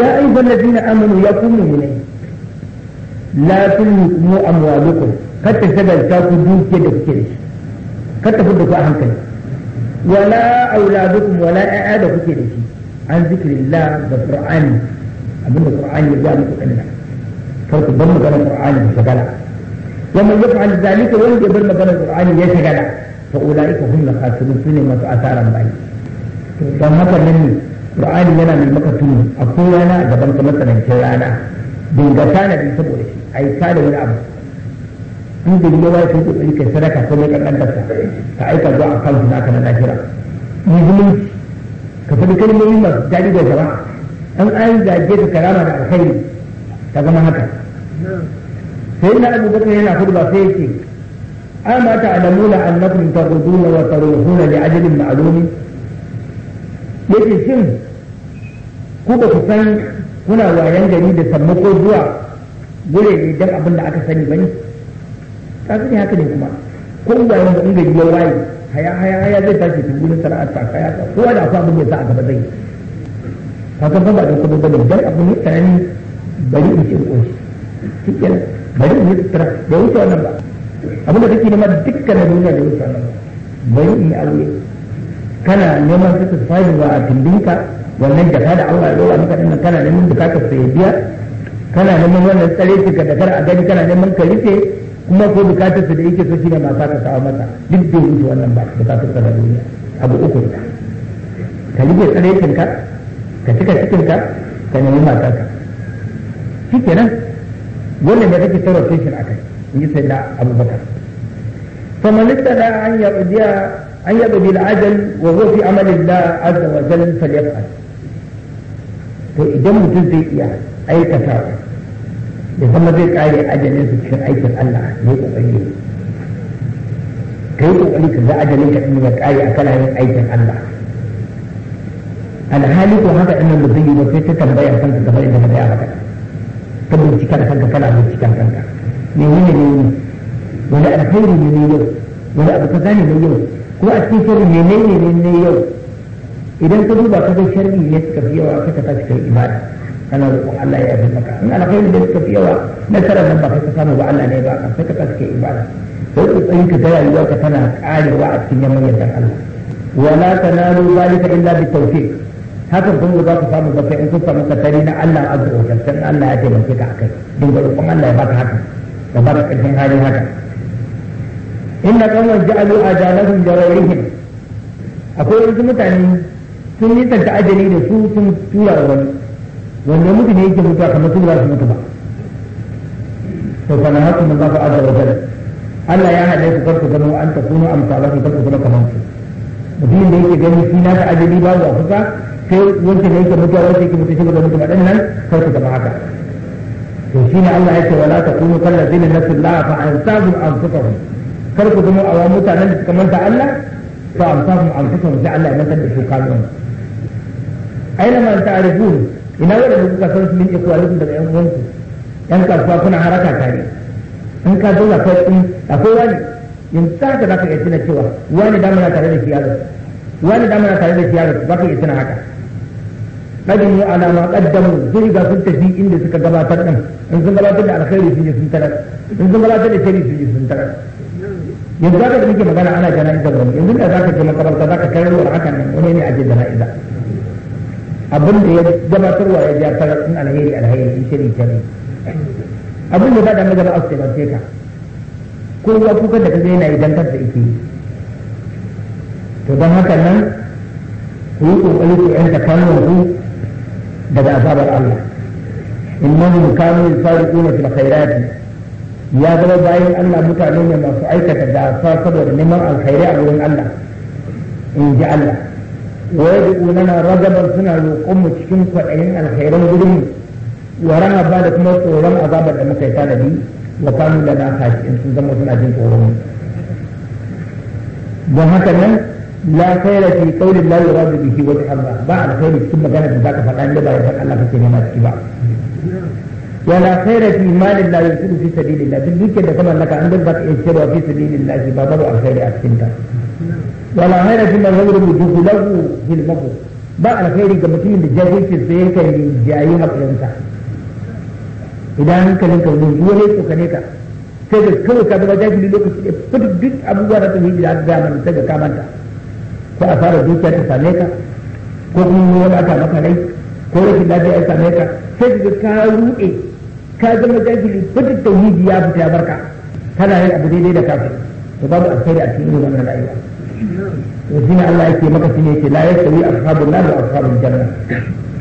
ya ayyuhal ladina amanu yaqumu ilayhi la tulhikum amwalukum kada shagalta ku duke da kuke da shi kada ku da ku a hankali wala auladukum wala ƴaƴa da kuke da shi an zikrillah da qur'ani abinda qur'ani ya ga muku dinna kar ku bar magana qur'ani da shagala wa man yaf'al zalika wanda ya bar magana qur'ani ya shagala fa ulaika hum la khasirun sunne masu asaran bai to dan haka nan ne qur'ani yana mai maka tuni a kowa na gaban ka matsanancin rana dinga tanadi saboda shi a yi kada wani abu in da yi yawa kai kokari kai sadaka ko mai kankantarsa ka aika zuwa a kan suna ka na lahira yi zumunci ka faɗi kalmomi masu daɗi da jama'a an an zage ka karama da alkhairi ta zama haka sai na abu bakar yana hudba sai yake أما تعلمون أنكم تغدون وتروحون لأجل معلوم؟ yake shin ku ba ku san kuna wayan gari da sammako zuwa gure ne dan abin da aka sani bane ka sani haka ne kuma Ko ya yi da gari ya waye haya haya haya zai tashi tun gurin sana'ar ta kaya ka kowa da akwai abin da ya sa a gaba zai ka san ba da kuma bane dan abin ne tsanani bari in ce ko shi cikin bari in yi tsara da wuce wannan ba abin da take nema dukkanin duniya da wuce wannan ba bari in yi aure kana neman satisfying wa a tindinka wannan da da Allah ya roba maka dinnan kana neman bukatar ka ya biya kana neman wannan tsare su ka da kar a gani kana neman ka rufe kuma ko bukatar da yake so shine mata ka kawo mata duk da wuce wannan ba bukatar ka da duniya abu uku ne ka rufe tsare ka ka cika cikin ka ka nemi mata ka shikenan wannan da kake tsara fashion akai in yi sai da abubakar فمن ابتدى biyu يقضي أن fi العدل وهو في عمل الله عز to idan mutum zai iya. aikata ya zama zai kare ajalin su cikin aikin Allah ne kokari kai kokari ka ga ajalin ka din ya kare a kana yin aikin Allah alhali ko haka din da zai yi ba sai ta tambaya kanka kamar yadda ka ga ka bincika da kanka kana bincikan kanka me ne ne wani alkhairi ne ne yau wani abu kaza ne ne yau ko a cikin shirin ne ne ne ne yau idan ka duba ka ga sharri ne ka fi yawa ka ta cikin ibada kana roƙon Allah ya yi maka in alkhairi da suka fi yawa nasara nan ba kai ka samu ba Allah ne ba ka sai ka kaske ibada sai ku tsayi ka gaya rayuwar ka tana karewa a cikin yamman yardan Allah wala tanalu zalika illa bi tawfiq hakan kun ba ku samu ba kai in kun samu katari na Allah azza wa jalla sai Allah ya taimake ka akai din ga roƙon Allah ya baka haka ba ka karfin hali haka inna qawman ja'alu ajalahum jawarihim akwai wasu mutane sun yi nisanta ajali da su sun tura wani wanda ne yake mutuwa kamar su ba su mutu ba to fa na hakun Allah azza wa jalla Allah ya hade ku karku gano an ta kuno amsalaku karku gano kamar su mutum da yake gani shi na ta ajali babu a kuka. sai wanda da yake mutuwa wanda yake mutu shi ba mutu ba dan nan karku gano haka to shi ne Allah ce wala ta kuno kallazina nasullaha fa ansahum anfusahum karku gano awa mutanen da suka manta Allah fa ansahum anfusahum sai Allah ya mantar da su kalmar aina man ta'rifun ina wadanda suka san su linke kuwa rikin daga yan uwansu yan kasuwa kuna haraka tare in ka zo akwai akwai wani yanzu ta haka za ka iya tuna cewa wani damuna tare da shi yaro wani damuna tare da shi yaro za ka iya tuna haka ɗagin yi alama ƙaddamu sun riga sun tafi inda suka gabatar ɗin in sun gabatar da alkhairi sun yi sun tarar in sun gabatar da shari sun yi sun tarar yanzu ka da muke magana ana jana'izar wani yanzu da za ka je makabarta za ka karar wa hakan nan wani ne a je jana'iza abin eh, da ya gabatarwa ya ja in alheri alheri in shirin shiri abin da faɗa magana a sai ka ko ya kuka da ka zai na idan kansa yake to don haka nan ku yi kokari ku yanta kanuwan ku daga asabar Allah innahum kanu yusariquna fil khairati ya zama bayan Allah mutane ne masu aikata da saboda neman alkhairi a wurin Allah in ji Allah ويدعوننا رغبا سنا روقم cikin kwaɗayin alkhairan gurin warana ba da kuma tsoron azabar da muka yi tanadi wa kanu da na sun zama suna jin tsoron don haka nan la khaira fi qawli la yuradu bihi wa Allah ba alkhairi cikin magana da zaka faɗa ne ba yakan Allah kake nema ciki ba wa la khaira fi malin la yusiru fi sabilillah duk dukiyar da kamar laka an duk ba a cikin ta wala haira fi da zamir bi dukulahu fil mabu ba alkhairi ga mutumin da jahilci sai yake jayi hakurinsa idan ne ka wani wani tsokane ka sai da kawai ka zama jahili lokaci da fita duk abubuwa na tafi da zaman gama ta ga kamanta ko a fara dukiya ta same ka ko kuma wani aka maka rai ko rashin lafiya ya same ka sai da ka ruɗe ka zama jahili fita tauhidi ya fita ya barka kana yin abu daidai da kafin to babu alkhairi a cikin wannan rayuwa وزين الله يكي مكسين يكي لا يستوي أصحاب النار وأصحاب الجنة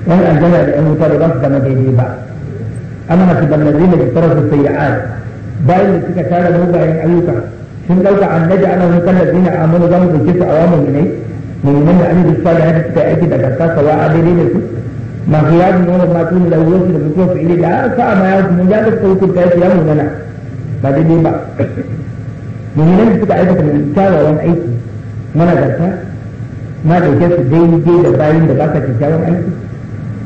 وهل الجنة لأن يتابع رفض ما بيدي بعض أما نصب الذين اجترفوا السيئات باين لتك كان موبعين أيوكا sun dauka annabi ana wani kan ladina amanu zamu dauke su a wa mu'minai mu'minan da annabi sallallahu alaihi wasallam aiki da gaska sawa a daidai da su ma su yadu nuna ma tuni da wurin da mutuwa su ile da sa ma ya mun ya da sauki da ya mu nana ba daidai ba mu'minan da suka aikata kyawawan aiki managarta na ɗauke su daidai da bayan da baka kyakkyawan aiki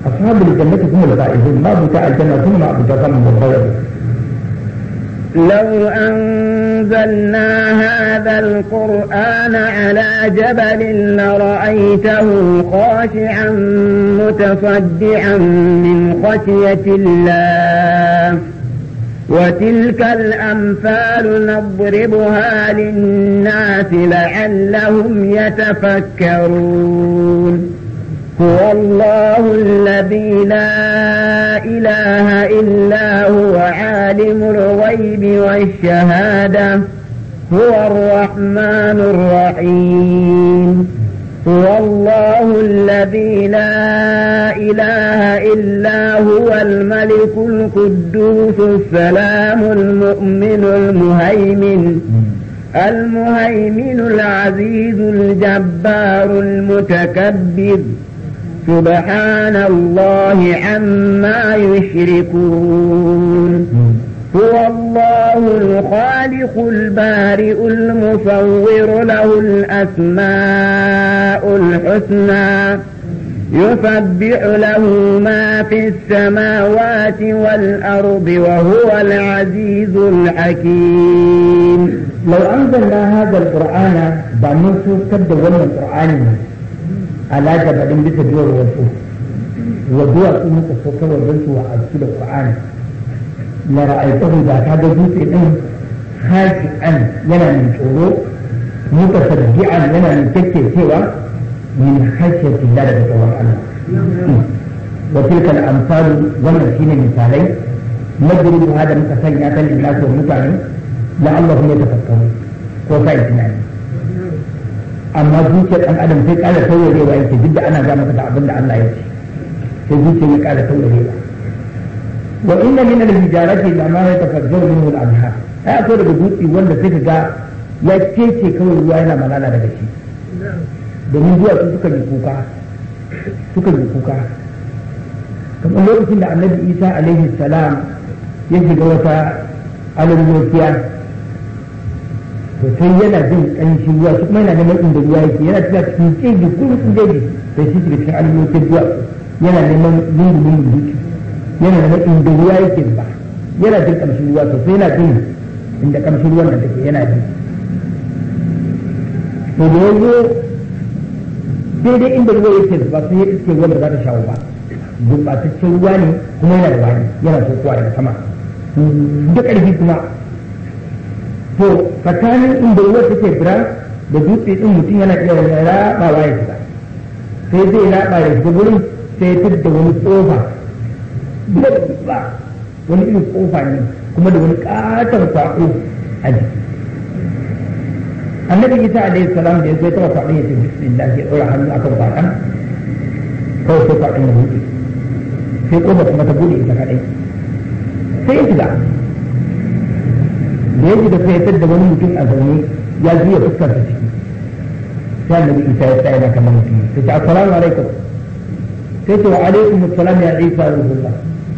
ashabul jannati kuma da fa'ihun ma buta aljanna kuma ma abuta samun babbar لو أنزلنا هذا القرآن على جبل لرأيته خاشعا متصدعا من خشية الله وتلك الأمثال نضربها للناس لعلهم يتفكرون هو الله الذي لا إله إلا هو عالم الغيب والشهادة هو الرحمن الرحيم هو الله الذي لا إله إلا هو الملك القدوس السلام المؤمن المهيمن المهيمن العزيز الجبار المتكبر سبحان الله عما يشركون هو الله الخالق البارئ المصور له الأسماء الحسنى يسبح له ما في السماوات والأرض وهو العزيز الحكيم لو أنزلنا هذا القرآن بأنه كدونا القرآن على جبل بسجور وشوف ودوى سنة السكر وبنت وعزيز القرآن la ra'aytahu da ka ga dutse din haqiqan yana min tsoro mutasaddi'an yana min kekkecewa min khashyati Allah daga tsoron Allah hmm. wa tilka al-amsal wannan shine misalai nadribu hada muka sanya ta lillahi wa mutane la'allahum yatafakkarun ko sai tunani amma zuciyar ɗan adam sai ƙara taurarewa yake duk da ana ga maka da abin da Allah ya ce sai zuciyar ya ƙara taurarewa wa inna min al-hijarati lama yatafajjaru minhu al-anhar ai akwai daga dutse wanda sai ga ya kece kawai ruwa yana malala daga shi domin duwatsu suka yi kuka suka yi kuka kamar lokacin da annabi isa alaihi salam ya shiga wata alurwokiya to sai yana jin ƙanshi ruwa su kuma yana neman inda ruwa yake yana tafiya cikin jeji kullum jeji da shi shiga cikin alurwokiyar duwatsu yana neman lungu lungu duki yana da inda ruwa yake zuba yana jin kamshin ruwa to sai yana jin inda kamshin ruwan da take yana ji to da yazo daidai inda ruwa yake zuba sun yi iske ruwan da za ta shawo ba gurɓataccen ruwa ne kuma yana da wani yana sokowa daga sama da ƙarfi kuma to tsakanin inda ruwa take bira da dutse din mutum yana iya rabawa ya shiga sai zai raba ya shiga gurin sai ya fitar da wani tsofa biya da misra wani irin kofa ne kuma da wani katon kwako a jiki annabi isa alaihi salam da ya zo taba faɗin ya ce bismillah ya ɗora hannu akan kwakan kawai sai kwakan ya buɗe sai kofar kuma ta buɗe ita kaɗai sai ya shiga da ya shiga sai ya da wani mutum a zaune ya juya fuskar ta ciki sai annabi isa ya tsaya na kamar mutum sai ce assalamu alaikum sai ta wa alaikum assalam ya isa wa rahmatullah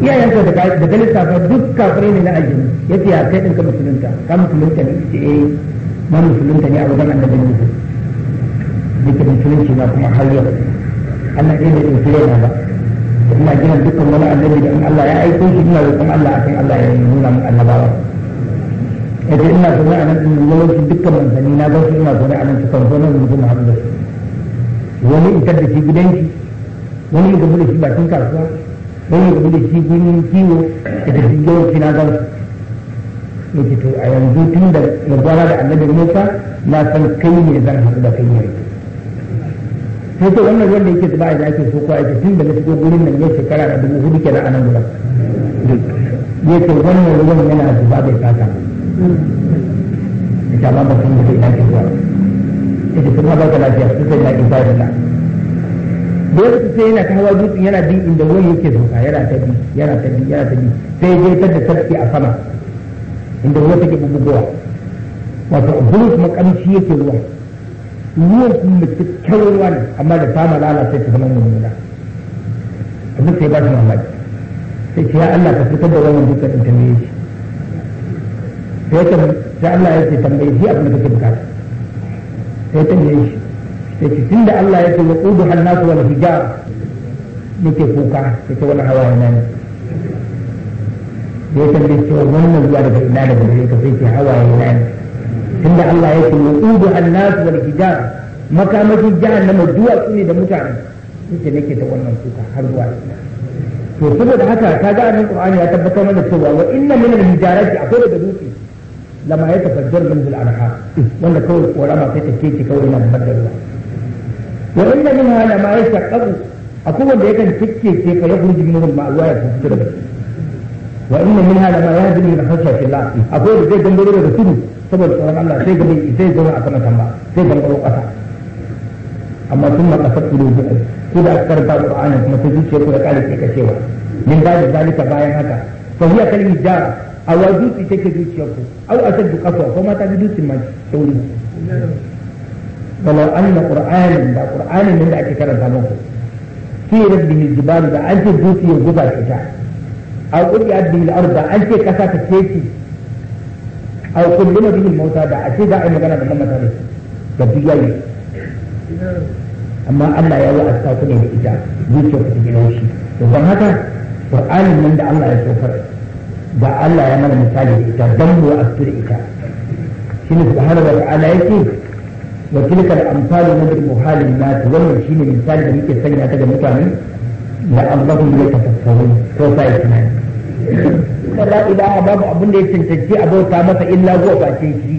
iyayen da daga da lissafa duk kafare ne na aljini yace ya kai din ka musulunta ka musulunta ne ce eh na musulunta ne a wajen annabi ne duk da musulunci na kuma har yau Allah ya yi ɗauke yana ba ina gina dukkan wani annabi da in Allah ya aiko shi ina roƙon Allah akan Allah ya nuna mun annabawa yace ina zaune a nan in yawanci dukkan manzanni na gan su ina zaune a nan cikin zaune mu mutum haɗu wani in da shi gidanki wani in gamu da shi tun kasuwa wani da da shi gurin kiwo da ta shiga wasu na gan ya ce to a yanzu tun da ya gwara da annabi musa na san kai ne zan haɗu da kai ne sai ce wannan wanda yake zuba da ake so ko ake tun da na shigo gurin nan ya shekara da dubu hudu kenan a nan gudan ya ce wannan ruwan yana zuba bai fata ce amma ba sun mutu ina ake zuwa ya ita kuma ba ka lafiya su sai na ƙin fata dole sai yana ta hawa dutsen yana bi inda wani yake sauka yana ta bi yana ta bi yana ta bi sai dai ta da tafki a sama inda ruwa take bugugowa wato bulus makamci yake ruwa ruwan kuma cikakken ruwa ne amma da fama lalata ta zama nuna abin sai ba su mamaki sai ce ya Allah ka fitar da wannan dukkan in tambaye shi sai ta Allah ya ce tambaye shi abin da kake bukata sai ta tambaye shi sai tun da Allah ya ce wa qudu hannasu wani hijar nake kuka yake wani hawa na ne da ya tambaye cewa wannan ruwa daga ina daga gare ka sai ce hawa na ne tun da Allah ya ce wa wani hannasu wal hijar makamashin jahannama duwatsu ne da mutane yake nake ta wannan kuka har zuwa ina to saboda haka ka ga annabi qur'ani ya tabbatar mana cewa wa inna min al-hijarati akwai da dutse lama ya tafajjar min al-arha wanda kawai korama sai ta keke kawai na babbar ruwa wa inna min hada ma yashaqqaqu akwai wanda yakan tikke ce fa yakhruju minhu ma Allah wa yasfiku da wa inna min hada ma yahdi min khashyati Allah akwai wanda zai gangaro da tudu saboda tsaron Allah sai mai sai ga a mata ba sai gangaro kasa amma sun ma kasar kulubu ku da aka karanta Qur'ani kuma sai zuciyar ku da kare ke kacewa min ba da zalika bayan haka fa hiya kalmi da a wa zuci take zuciyarku ku au asaddu qaswa ko mata ta bi ma sauri falau anna qur'anin da qur'anin nan ake karanta muku fi rabbihi jibalu da an ce dukiyar guba ce ta aw qudiyat bihi al-ard da an ce kasa ta keki aw kullima bihi mauta da a ce da ai magana da mamata ne da biyayi amma Allah ya yi asta ku ne da ita zuciyar ku cikin haushi to haka qur'anin nan Allah ya sofar da Allah ya mana misali da ita dan ita shine subhanahu wa ta'ala yake wa tilka al-amsalu nadru muhalin nas wannan shine misali da muke sanya ta ga mutane la allahum yatafakkarun to sai tunani kada ilaha babu abin da ya tantance a bauta masa illa zuwa bakin shi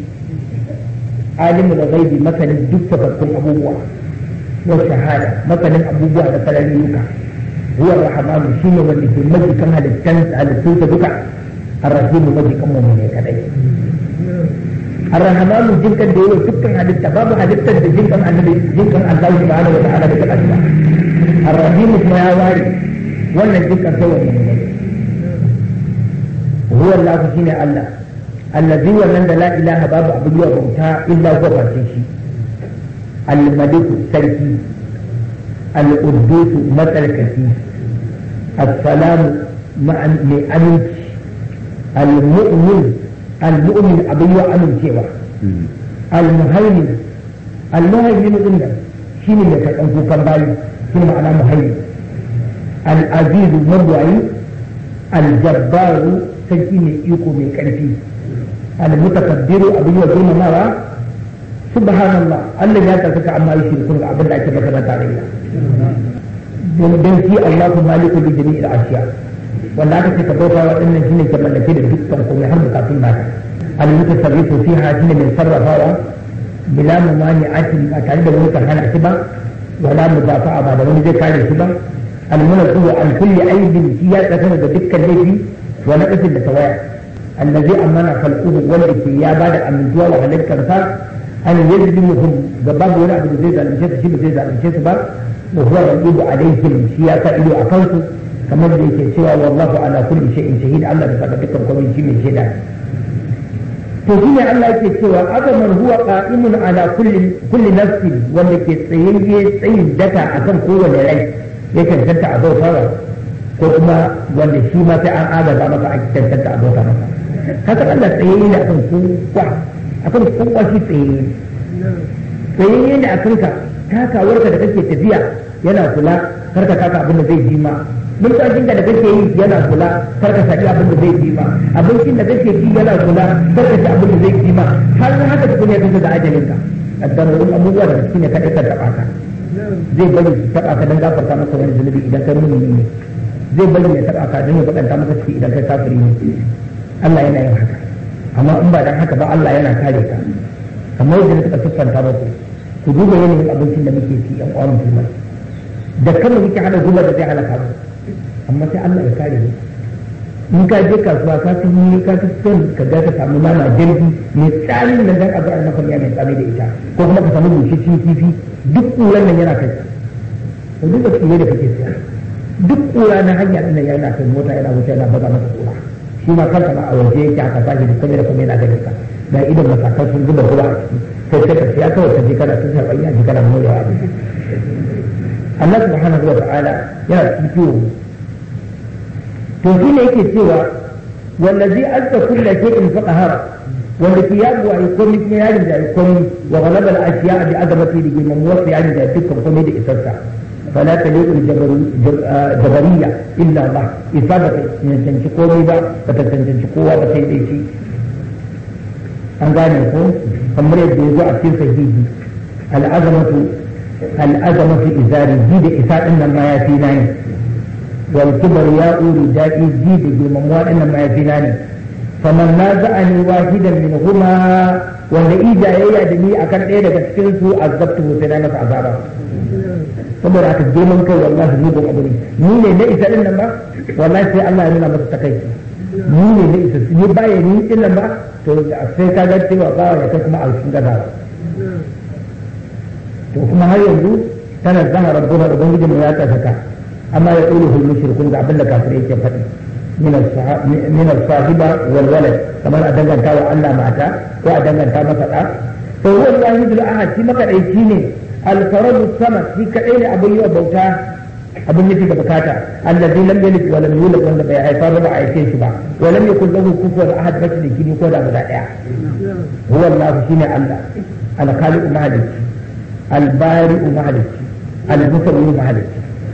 alimu da gaibi masanin duk sababbin abubuwa wa shahada masanin abubuwa da sarari duka huwa rahmanu shine wanda ke majikan halittan halittun duka arrahimu majikan mu ne kadai الرحمن جنكا ديو سكا عن التباب حدثت بجنكا عن جنكا عن الله سبحانه وتعالى بك الأجمع الرحيم اسمه يا واري ولا جنكا سوى هو الله سبحانه الله الذي ولن لا إله باب عبد الله إلا هو فرسيشي الملك السلكي القدوس متركتي السلام مع أمنتي المؤمن al-mu'min abin ya amincewa al-muhaimin al-muhaimin din nan shine mai karɓar kukan bayi shine ma'ana muhaimin al-azizu mabwayi al-jabbaru sarki mai iko mai ƙarfi al-mutakabbiru abin ya girmamawa subhanallah Allah ya tsaka amma yake da kuma abin da ake makaranta da maliku bi wanda aka ce ka ɗauka waɗannan shine ke mallake da dukkan komai har bukatun naka alimutu sarrifu fiha shine mai sarrafawa bila mumani atin ba tare da wani karhana shi ba wala mudafa'a ba da wani zai kare shi ba المنزه عن كل عيب سياسة تلك الذي ونقص التوائع الذي أمن خلقه والذي يا بعد أن جوا وحلت كرسا أن يجزمهم جباب ولا عبد زيد على مشيت شيب زيد على مشيت بار وهو يجب عليهم سياسة إلو أكلته kamar da yake cewa wallahu ala kulli shay'in shahid Allah da faɗa dukkan komai shi mai shaida to shi ne Allah yake cewa aka man huwa qa'imun ala kulli kulli nafsi wanda ke tsayayye tsayin daka akan kowane rai ya cancanta a bautawa ko kuma wanda shi ma sai an agaza maka a cancanta a bauta masa haka Allah tsayayye ne akan kowa akan kowa shi tsayayye tsayayye ne akan ka takawarka da kake tafiya yana kula karka kaka abin da zai ji ma numfashin da kake yi yana kula kar ka saki abin da zai ci ba abincin da kake ci yana kula kar ka ci abin da zai ci ba har haka kuma yadda da ajalin ka addararun abubuwa da suke ne kaɗai ka taɓa zai bari ka taɓa ka don gafarta maka wani zunubi idan kai mumini ne zai bari ya taɓa ka don ya baɗanta maka ciki idan kai kafiri ne Allah yana yin haka amma in ba dan haka ba Allah yana kare ka kamar yadda na tsantsanta siffanta muku ku duba yanayin abincin da muke ci yan uwan kuma da kama muke hada zubar da zai halaka mu amma sai Allah ya kare in ka je kasuwa ka fi yi ka fi son ka ga ka samu nama jirgi ne tsarin da za a ga maka miya mai tsami da ita ko kuma ka samu bushashin kifi duk kuran nan yana kai ko duk da ne da kake siya duk kura na hanya din nan yana kai mota yana wuce yana baza masa kura shi ma kanka ma a waje yake aka sake da kamera kuma yana ganin ka da idan matakan sun zuba kura a ciki sai sai ka siya kawai ka je kana tun shaɓa iya ji kana morewa a ciki Allah subhanahu wa ta'ala yana cikin kiwon to shi ne yake cewa wallazi azza kulla shay'in fa qahara wanda ke yabu a komi kuma ya rinja a komi wa ghalabal ashiya bi azamati da girman wasu ya rinja dukkan komai da isarsa fala taliqul jabariyya illa ba isa ba ta cancanci komai ba ba ta cancanci kowa ba sai dai shi an gane ko kamar yadda ya zo a cikin sahihi al'azamatu al'azamatu izari ji da isa din nan ma ya fi nayi wal kibar ya uri daɗi bi da girman waɗannan mahaifina ne faman na za'ani wahidan min huma wanda ijayayya da ni akan ɗaya daga cikin su azabtu sai na masa azaba saboda aka girman kai wallahi ni ban abu ne ni ne na isa din nan ba sai Allah ya nuna masa takai ni ne na isa ni baya ni din nan ba to sai ka ga cewa ba ya kai kuma alfin gaba to kuma har yanzu tana zahara rabbuna ubangijinmu ya tsaka amma ya tsoro hulmi shirkun ga abin da kafirai yake faɗi min al-sahiba wal kamar a danganta wa Allah mata ko a danganta masa da to huwa al-wahid al-ahad shi ne al-farad samad shi kadai ne abin yawa bauta abin nufi da bukata allazi lam yalid wa lam yulad wanda bai haifa ba a haife shi ba wa lam yakul ko da guda daya huwa Allah Allah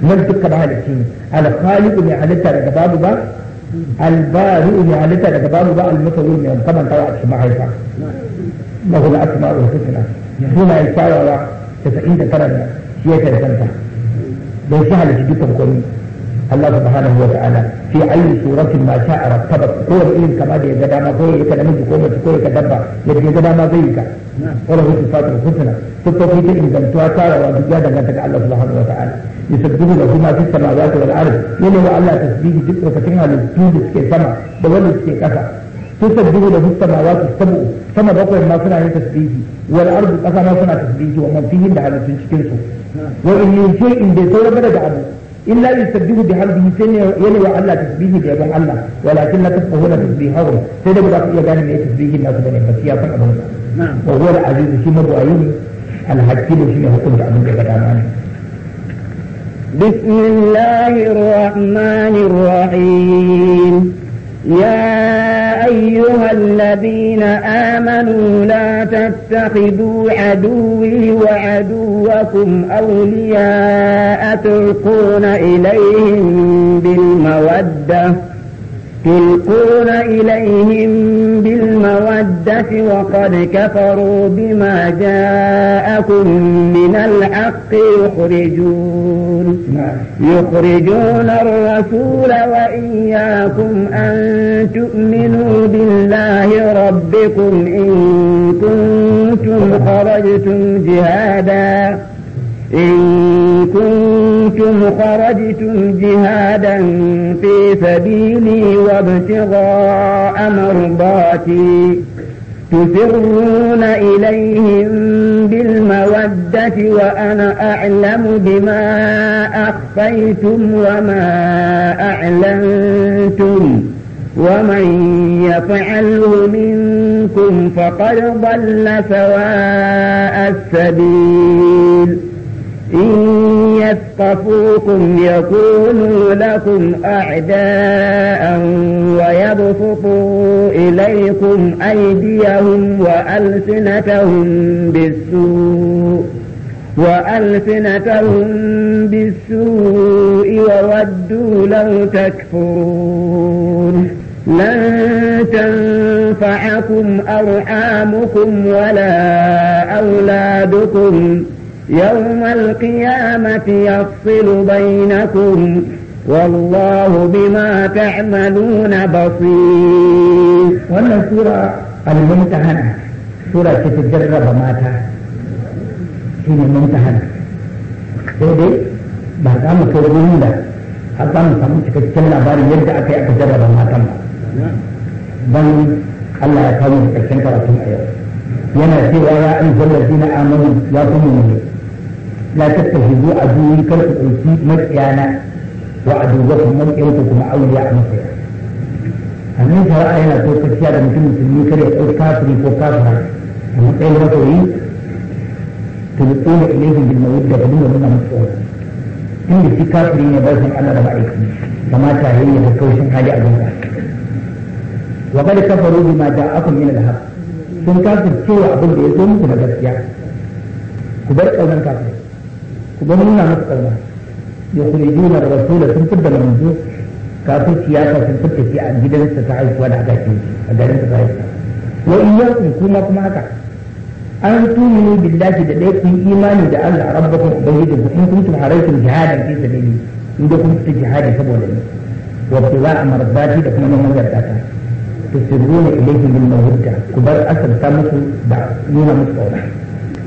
nan dukkan halittu ne alkhaliqu ne halitta daga babu ba albari'u ne halitta daga babu ba almusawwir ne kaman tawa a cikin mahaifa lahu al-asma'ul husna suna ya kyawawa 99 ne shi ya tantanta don shi halittu dukkan komai الله سبحانه وتعالى في أي سورة ما شاء رتبت هو الإيم كما دي قد ما قوي يتنمج قومة قوي كدبا يدي قد ما ضيك وله صفات الحسنى تتوفيت إن لم تعتار وبجادة لتك الله سبحانه وتعالى يسبحوا له ما في السماوات والارض يلي الله تسبيح duk lokacin halittu da suke sama da wanda suke kasa تسبحوا له السماوات السبع كما بقوا ما سنع تسبيحه والأرض أكا ما سنع تسبيحه ومن فيهم لحالة تنشكنسه وإن من شيء بيسور بلد عبد إلا يسبحوا بحمده سن يلي وعلا تسبيحه بأبن الله ولكن لا تفقهون تسبيحهم سيدة بلا في إيجان من تسبيح الناس بني فسياسا أبونا نعم. وهو العزيز شمد وعيوني الحكيم شمد حكم عبد الجبال بسم الله الرحمن الرحيم يا أيها الذين آمنوا لا تتخذوا عدوي وعدوكم أولياء تلقون إليهم بالموده يلقون إليهم بالمودة وقد كفروا بما جاءكم من الحق يخرجون يخرجون الرسول وإياكم أن تؤمنوا بالله ربكم إن كنتم خرجتم جهادا إن كنتم خرجتم جهادا في سبيلي وابتغاء مرضاتي تسرون إليهم بالمودة وأنا أعلم بما أخفيتم وما أعلنتم ومن يفعله منكم فقد ضل سواء السبيل إن يثقفوكم يكونوا لكم أعداء ويبسطوا إليكم أيديهم وألسنتهم بالسوء وألسنتهم بالسوء وودوا لو تكفرون لن تنفعكم أرحامكم ولا أولادكم ۖ يوم القيامة يفصل بينكم والله بما تعملون بصير وانا سورة الممتحنة سورة تتجرب ماتا هنا ممتحنة سيدي إيه؟ بعدما تقولون إيه؟ لك أبان سمت كتلا إيه؟ باري يرجع في أتجرب ما تم بل الله يكون في الشنطة رسول أيضا ينا سيوايا أنزل الذين آمنوا يا ظنوني Ya tattafi zuwa abu ya karka kofi muciyana ko a dogon sunan 'yauta kuma aure a mako. Aminu ya sa yana saukaciya da mutumin sun yi kada ya kai kafin ko kafin a matsayin mako, ta wuce mai fage girma wanda ba dama ba na mutuwa ba. In nufi kafin ya garka al'amurra ma'aikatan, kamata ya yi da tausayin aji a gankasa. Waka da ta faruwa ma ta a kun da harshe. Sun kafin cewa abin da ya zo muku na gaskiya. Ku baro nan kafin. kuma nuna masa ƙarfa ya kuri juna da rasula sun fitar da manzo kafin siyasa sun fitar shi a gidan sa ta haihuwa da agaji a garin ta haihuwa wa iyyakum kuma kuma haka an ne billahi da dai kun imani da Allah rabbakum da in kuntum haraitum jihadan fi sabili in da kun fita jihadi saboda ni wa a mardati da kuma neman yardata tusirruna ilayhim bil ku kubar asal ta musu da nuna musu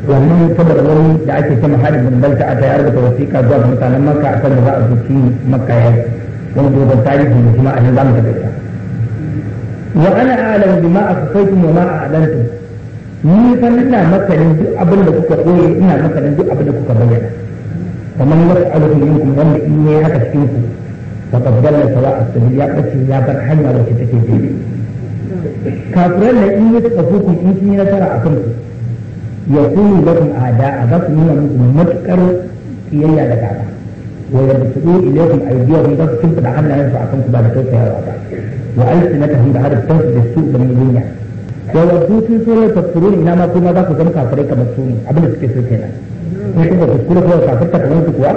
wannan saboda wani da ake kama hadin bin balta a tayar da wasiƙa zuwa ga mutanen maka a kan da za a zuci maka ya wani dogon tarihi da kuma a nan za mu tafi wa ana bi ma akfaitu wa ma a'lantu ni san ina ne duk abin da kuka koyi ina ne duk abin da kuka bayyana kamar yas'aluhu minkum wanda in ne haka cikin ku faqad sala sawa'a sabil ya bace ya bar hanya da take daidai kafiran ne in yi tsafukun in kin yi nasara a kanku ya kuni lakum a za su nuna musu matukar kiyayya da gaba wa yabtudu ilaykum aydiyahum za su cinta da hannayen su kan ku ba da tausayawa ba wa tafi da harin tafi da su da mugunya wa waddu fi tafi tafsirun ina ma kuma za ku zama kafirai kamar su ne abinda suke so kenan ko kuma ku kula kafin ta kamar su kuwa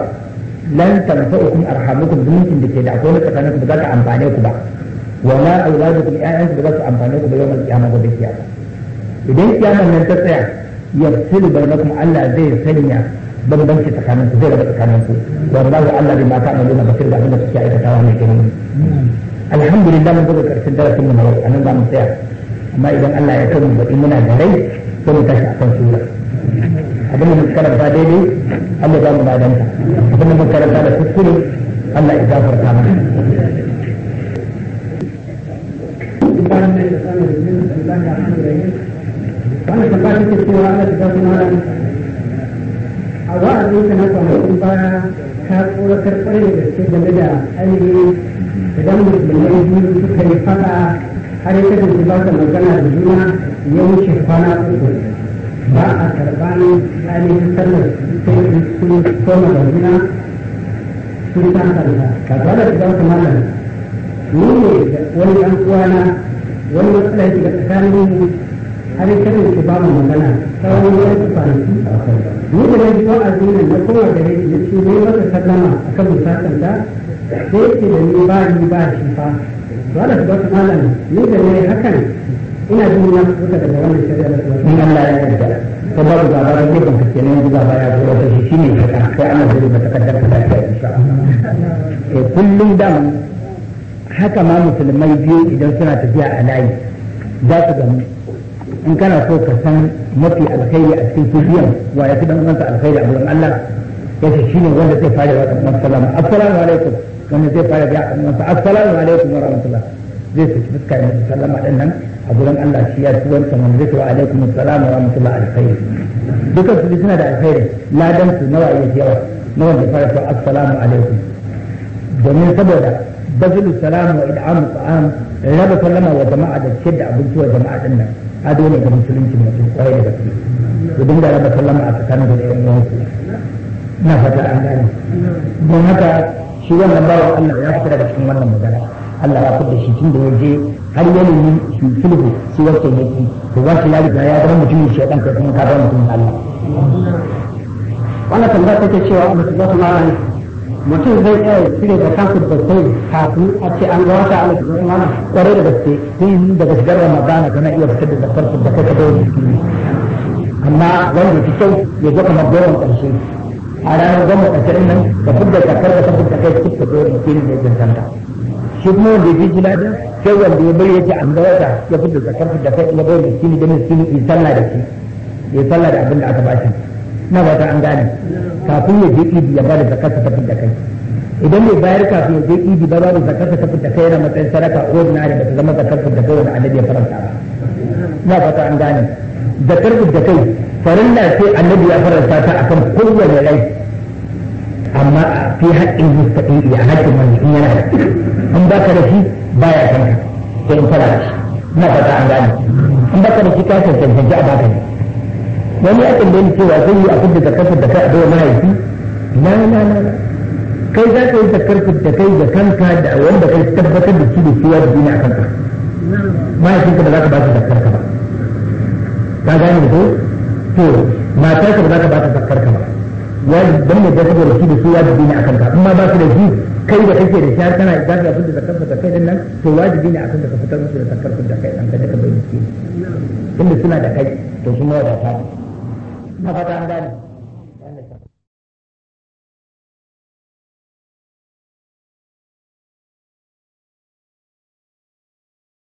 lan tanfa'ukum arhamukum dunkin da ke da akwai tsakanin ku ba za ta amfane ku ba wala auladukum ya'yanku ba za su amfane ku ba yawan kiyama gobe kiyama idan kiyama nan ta tsaya yafsilu bainakum Allah zai sanya bambanci tsakanin su zai raba tsakanin su wallahu Allah bi ma ta'maluna basir da abinda kuke aikatawa mai gani alhamdulillah mun zo karshen darasin mu na yau anan zamu mu tsaya amma idan Allah ya kawo mu in muna da rai sai mu tashi akan sura abin da muka karanta daidai Allah ya mu badanta abin da muka karanta da kuskure Allah ya gafarta mana Thank wannan tambaya take cewa ana shiga kuma a wa'azin ka na kwanakin baya ka tsoratar kwarai da gaske game da ainihin idan musulmai biyu suka yi fada har ya kasance ba ka magana da juna ya wuce kwana uku ba a karɓan ainihin sallar sai sun koma da juna sun ta kanta ka gwada shiga kuma nan ni ne wani ɗan uwana wani matsala ya shiga tsakanin har kada ki ba mu magana tsawon wani kwanaki ni da nabi ko azina na kowa da rai ne shi ne maka sallama akan musatan ta sai ki da ni ba ni ba shi fa wala ba ta malam ni da ne hakan ina jin na fita daga wannan shari'a da ni Allah ya yarda to babu gaba da ke ban kace ne gaba ya zo da shi shine haka sai ana zuri ba takaddar ta ta insha Allah kullum da haka ma musulmai biyu idan suna tafiya a layi za su gamu in kana so ka san mafi alkhairi a cikin sufiyan wa ya fi dan uwansa alkhairi a wurin Allah yace shine wanda zai fara wa kamar salama assalamu alaikum wanda zai fara da wa masa assalamu alaikum wa rahmatullah zai saki fuska ne sallama din nan a gurin Allah shi ya ci wancan wanda zai wa alaikum assalam wa rahmatullah alkhairi dukkan su suna da alkhairi ladan su nawa yake yawa nawa ya fara to assalamu alaikum domin saboda bazil salam wa id'am ta'am raba sallama wa jama'a da ciyar da abinci wa jama'a din nan ado ne da musulunci mutum kwarai da gaske ku dinga raba sallama a tsakanin da yan uwanku na fata an gane don haka shi wannan bawan Allah ya fita daga cikin wannan magana Allah ya fitar da shi tun da ya je har ya nemi shi sulhu shi wacce ne ki to ba shi ya riga ya zama mutumin shaitan kai kuma ka zama mutum Allah wannan tambaya take cewa Allah subhanahu wa ta'ala mutum zai iya cire da kansu da kai kafin a ce an ga wata ala cikin mana kwarai da gaske yin da gaskiyar ramadana kana iya fitar da zakar da kai ka dawo amma wanda ya kyau ya ga kamar goron ƙarshe a ranar goma ƙarshe din nan da fitar da zakar da kansu da kai cikin goron shi ne da zanta shi kuma wanda ya fi ji da sai wanda ya bari ya ce an ga wata ya fitar da zakar da kai ya dawo shi ne da ne shi ne sallah da shi ya sallah da abin da aka ba shi na ba ta an gane kafin ya je idi ya ba da zakar ta da kai idan bai bayar kafin ya je idi ba da zakar ta da kai yana matsayin sadaka ordinary ba ta zama zakar da kai wani annabi ya faranta ba na ba ta an gane zakar da kai farilla sai annabi ya faranta ta akan kowane rai amma fi haƙƙin mustaƙi ya haƙƙin mai in yana da in ba ka da shi ba ya kanka sai in fara na ba ta an gane in ba ka da shi ka cancanci a ba baka ne wani ya tambaye ni cewa sai yi abin da zakar da kai a bai mahaifi na na na kai za ka yi zakar da kai da kanka da wanda kai tabbatar da shi da shi wajibi ne a kanka mahaifinka ba za ka ba shi zakar ka ba ka gane ko to matarka ba za ka ba ta zakar ka ba wajibi dan ne da saboda shi da shi wajibi ne a kanka amma ba su da shi kai da kake da shi kana da zaka fitar da zakar da kai din nan to wajibi ne akan da ka fitar musu da zakar da kai dan ka da ka bayyana tunda suna da kai to suna da wadata नफा का अनुदान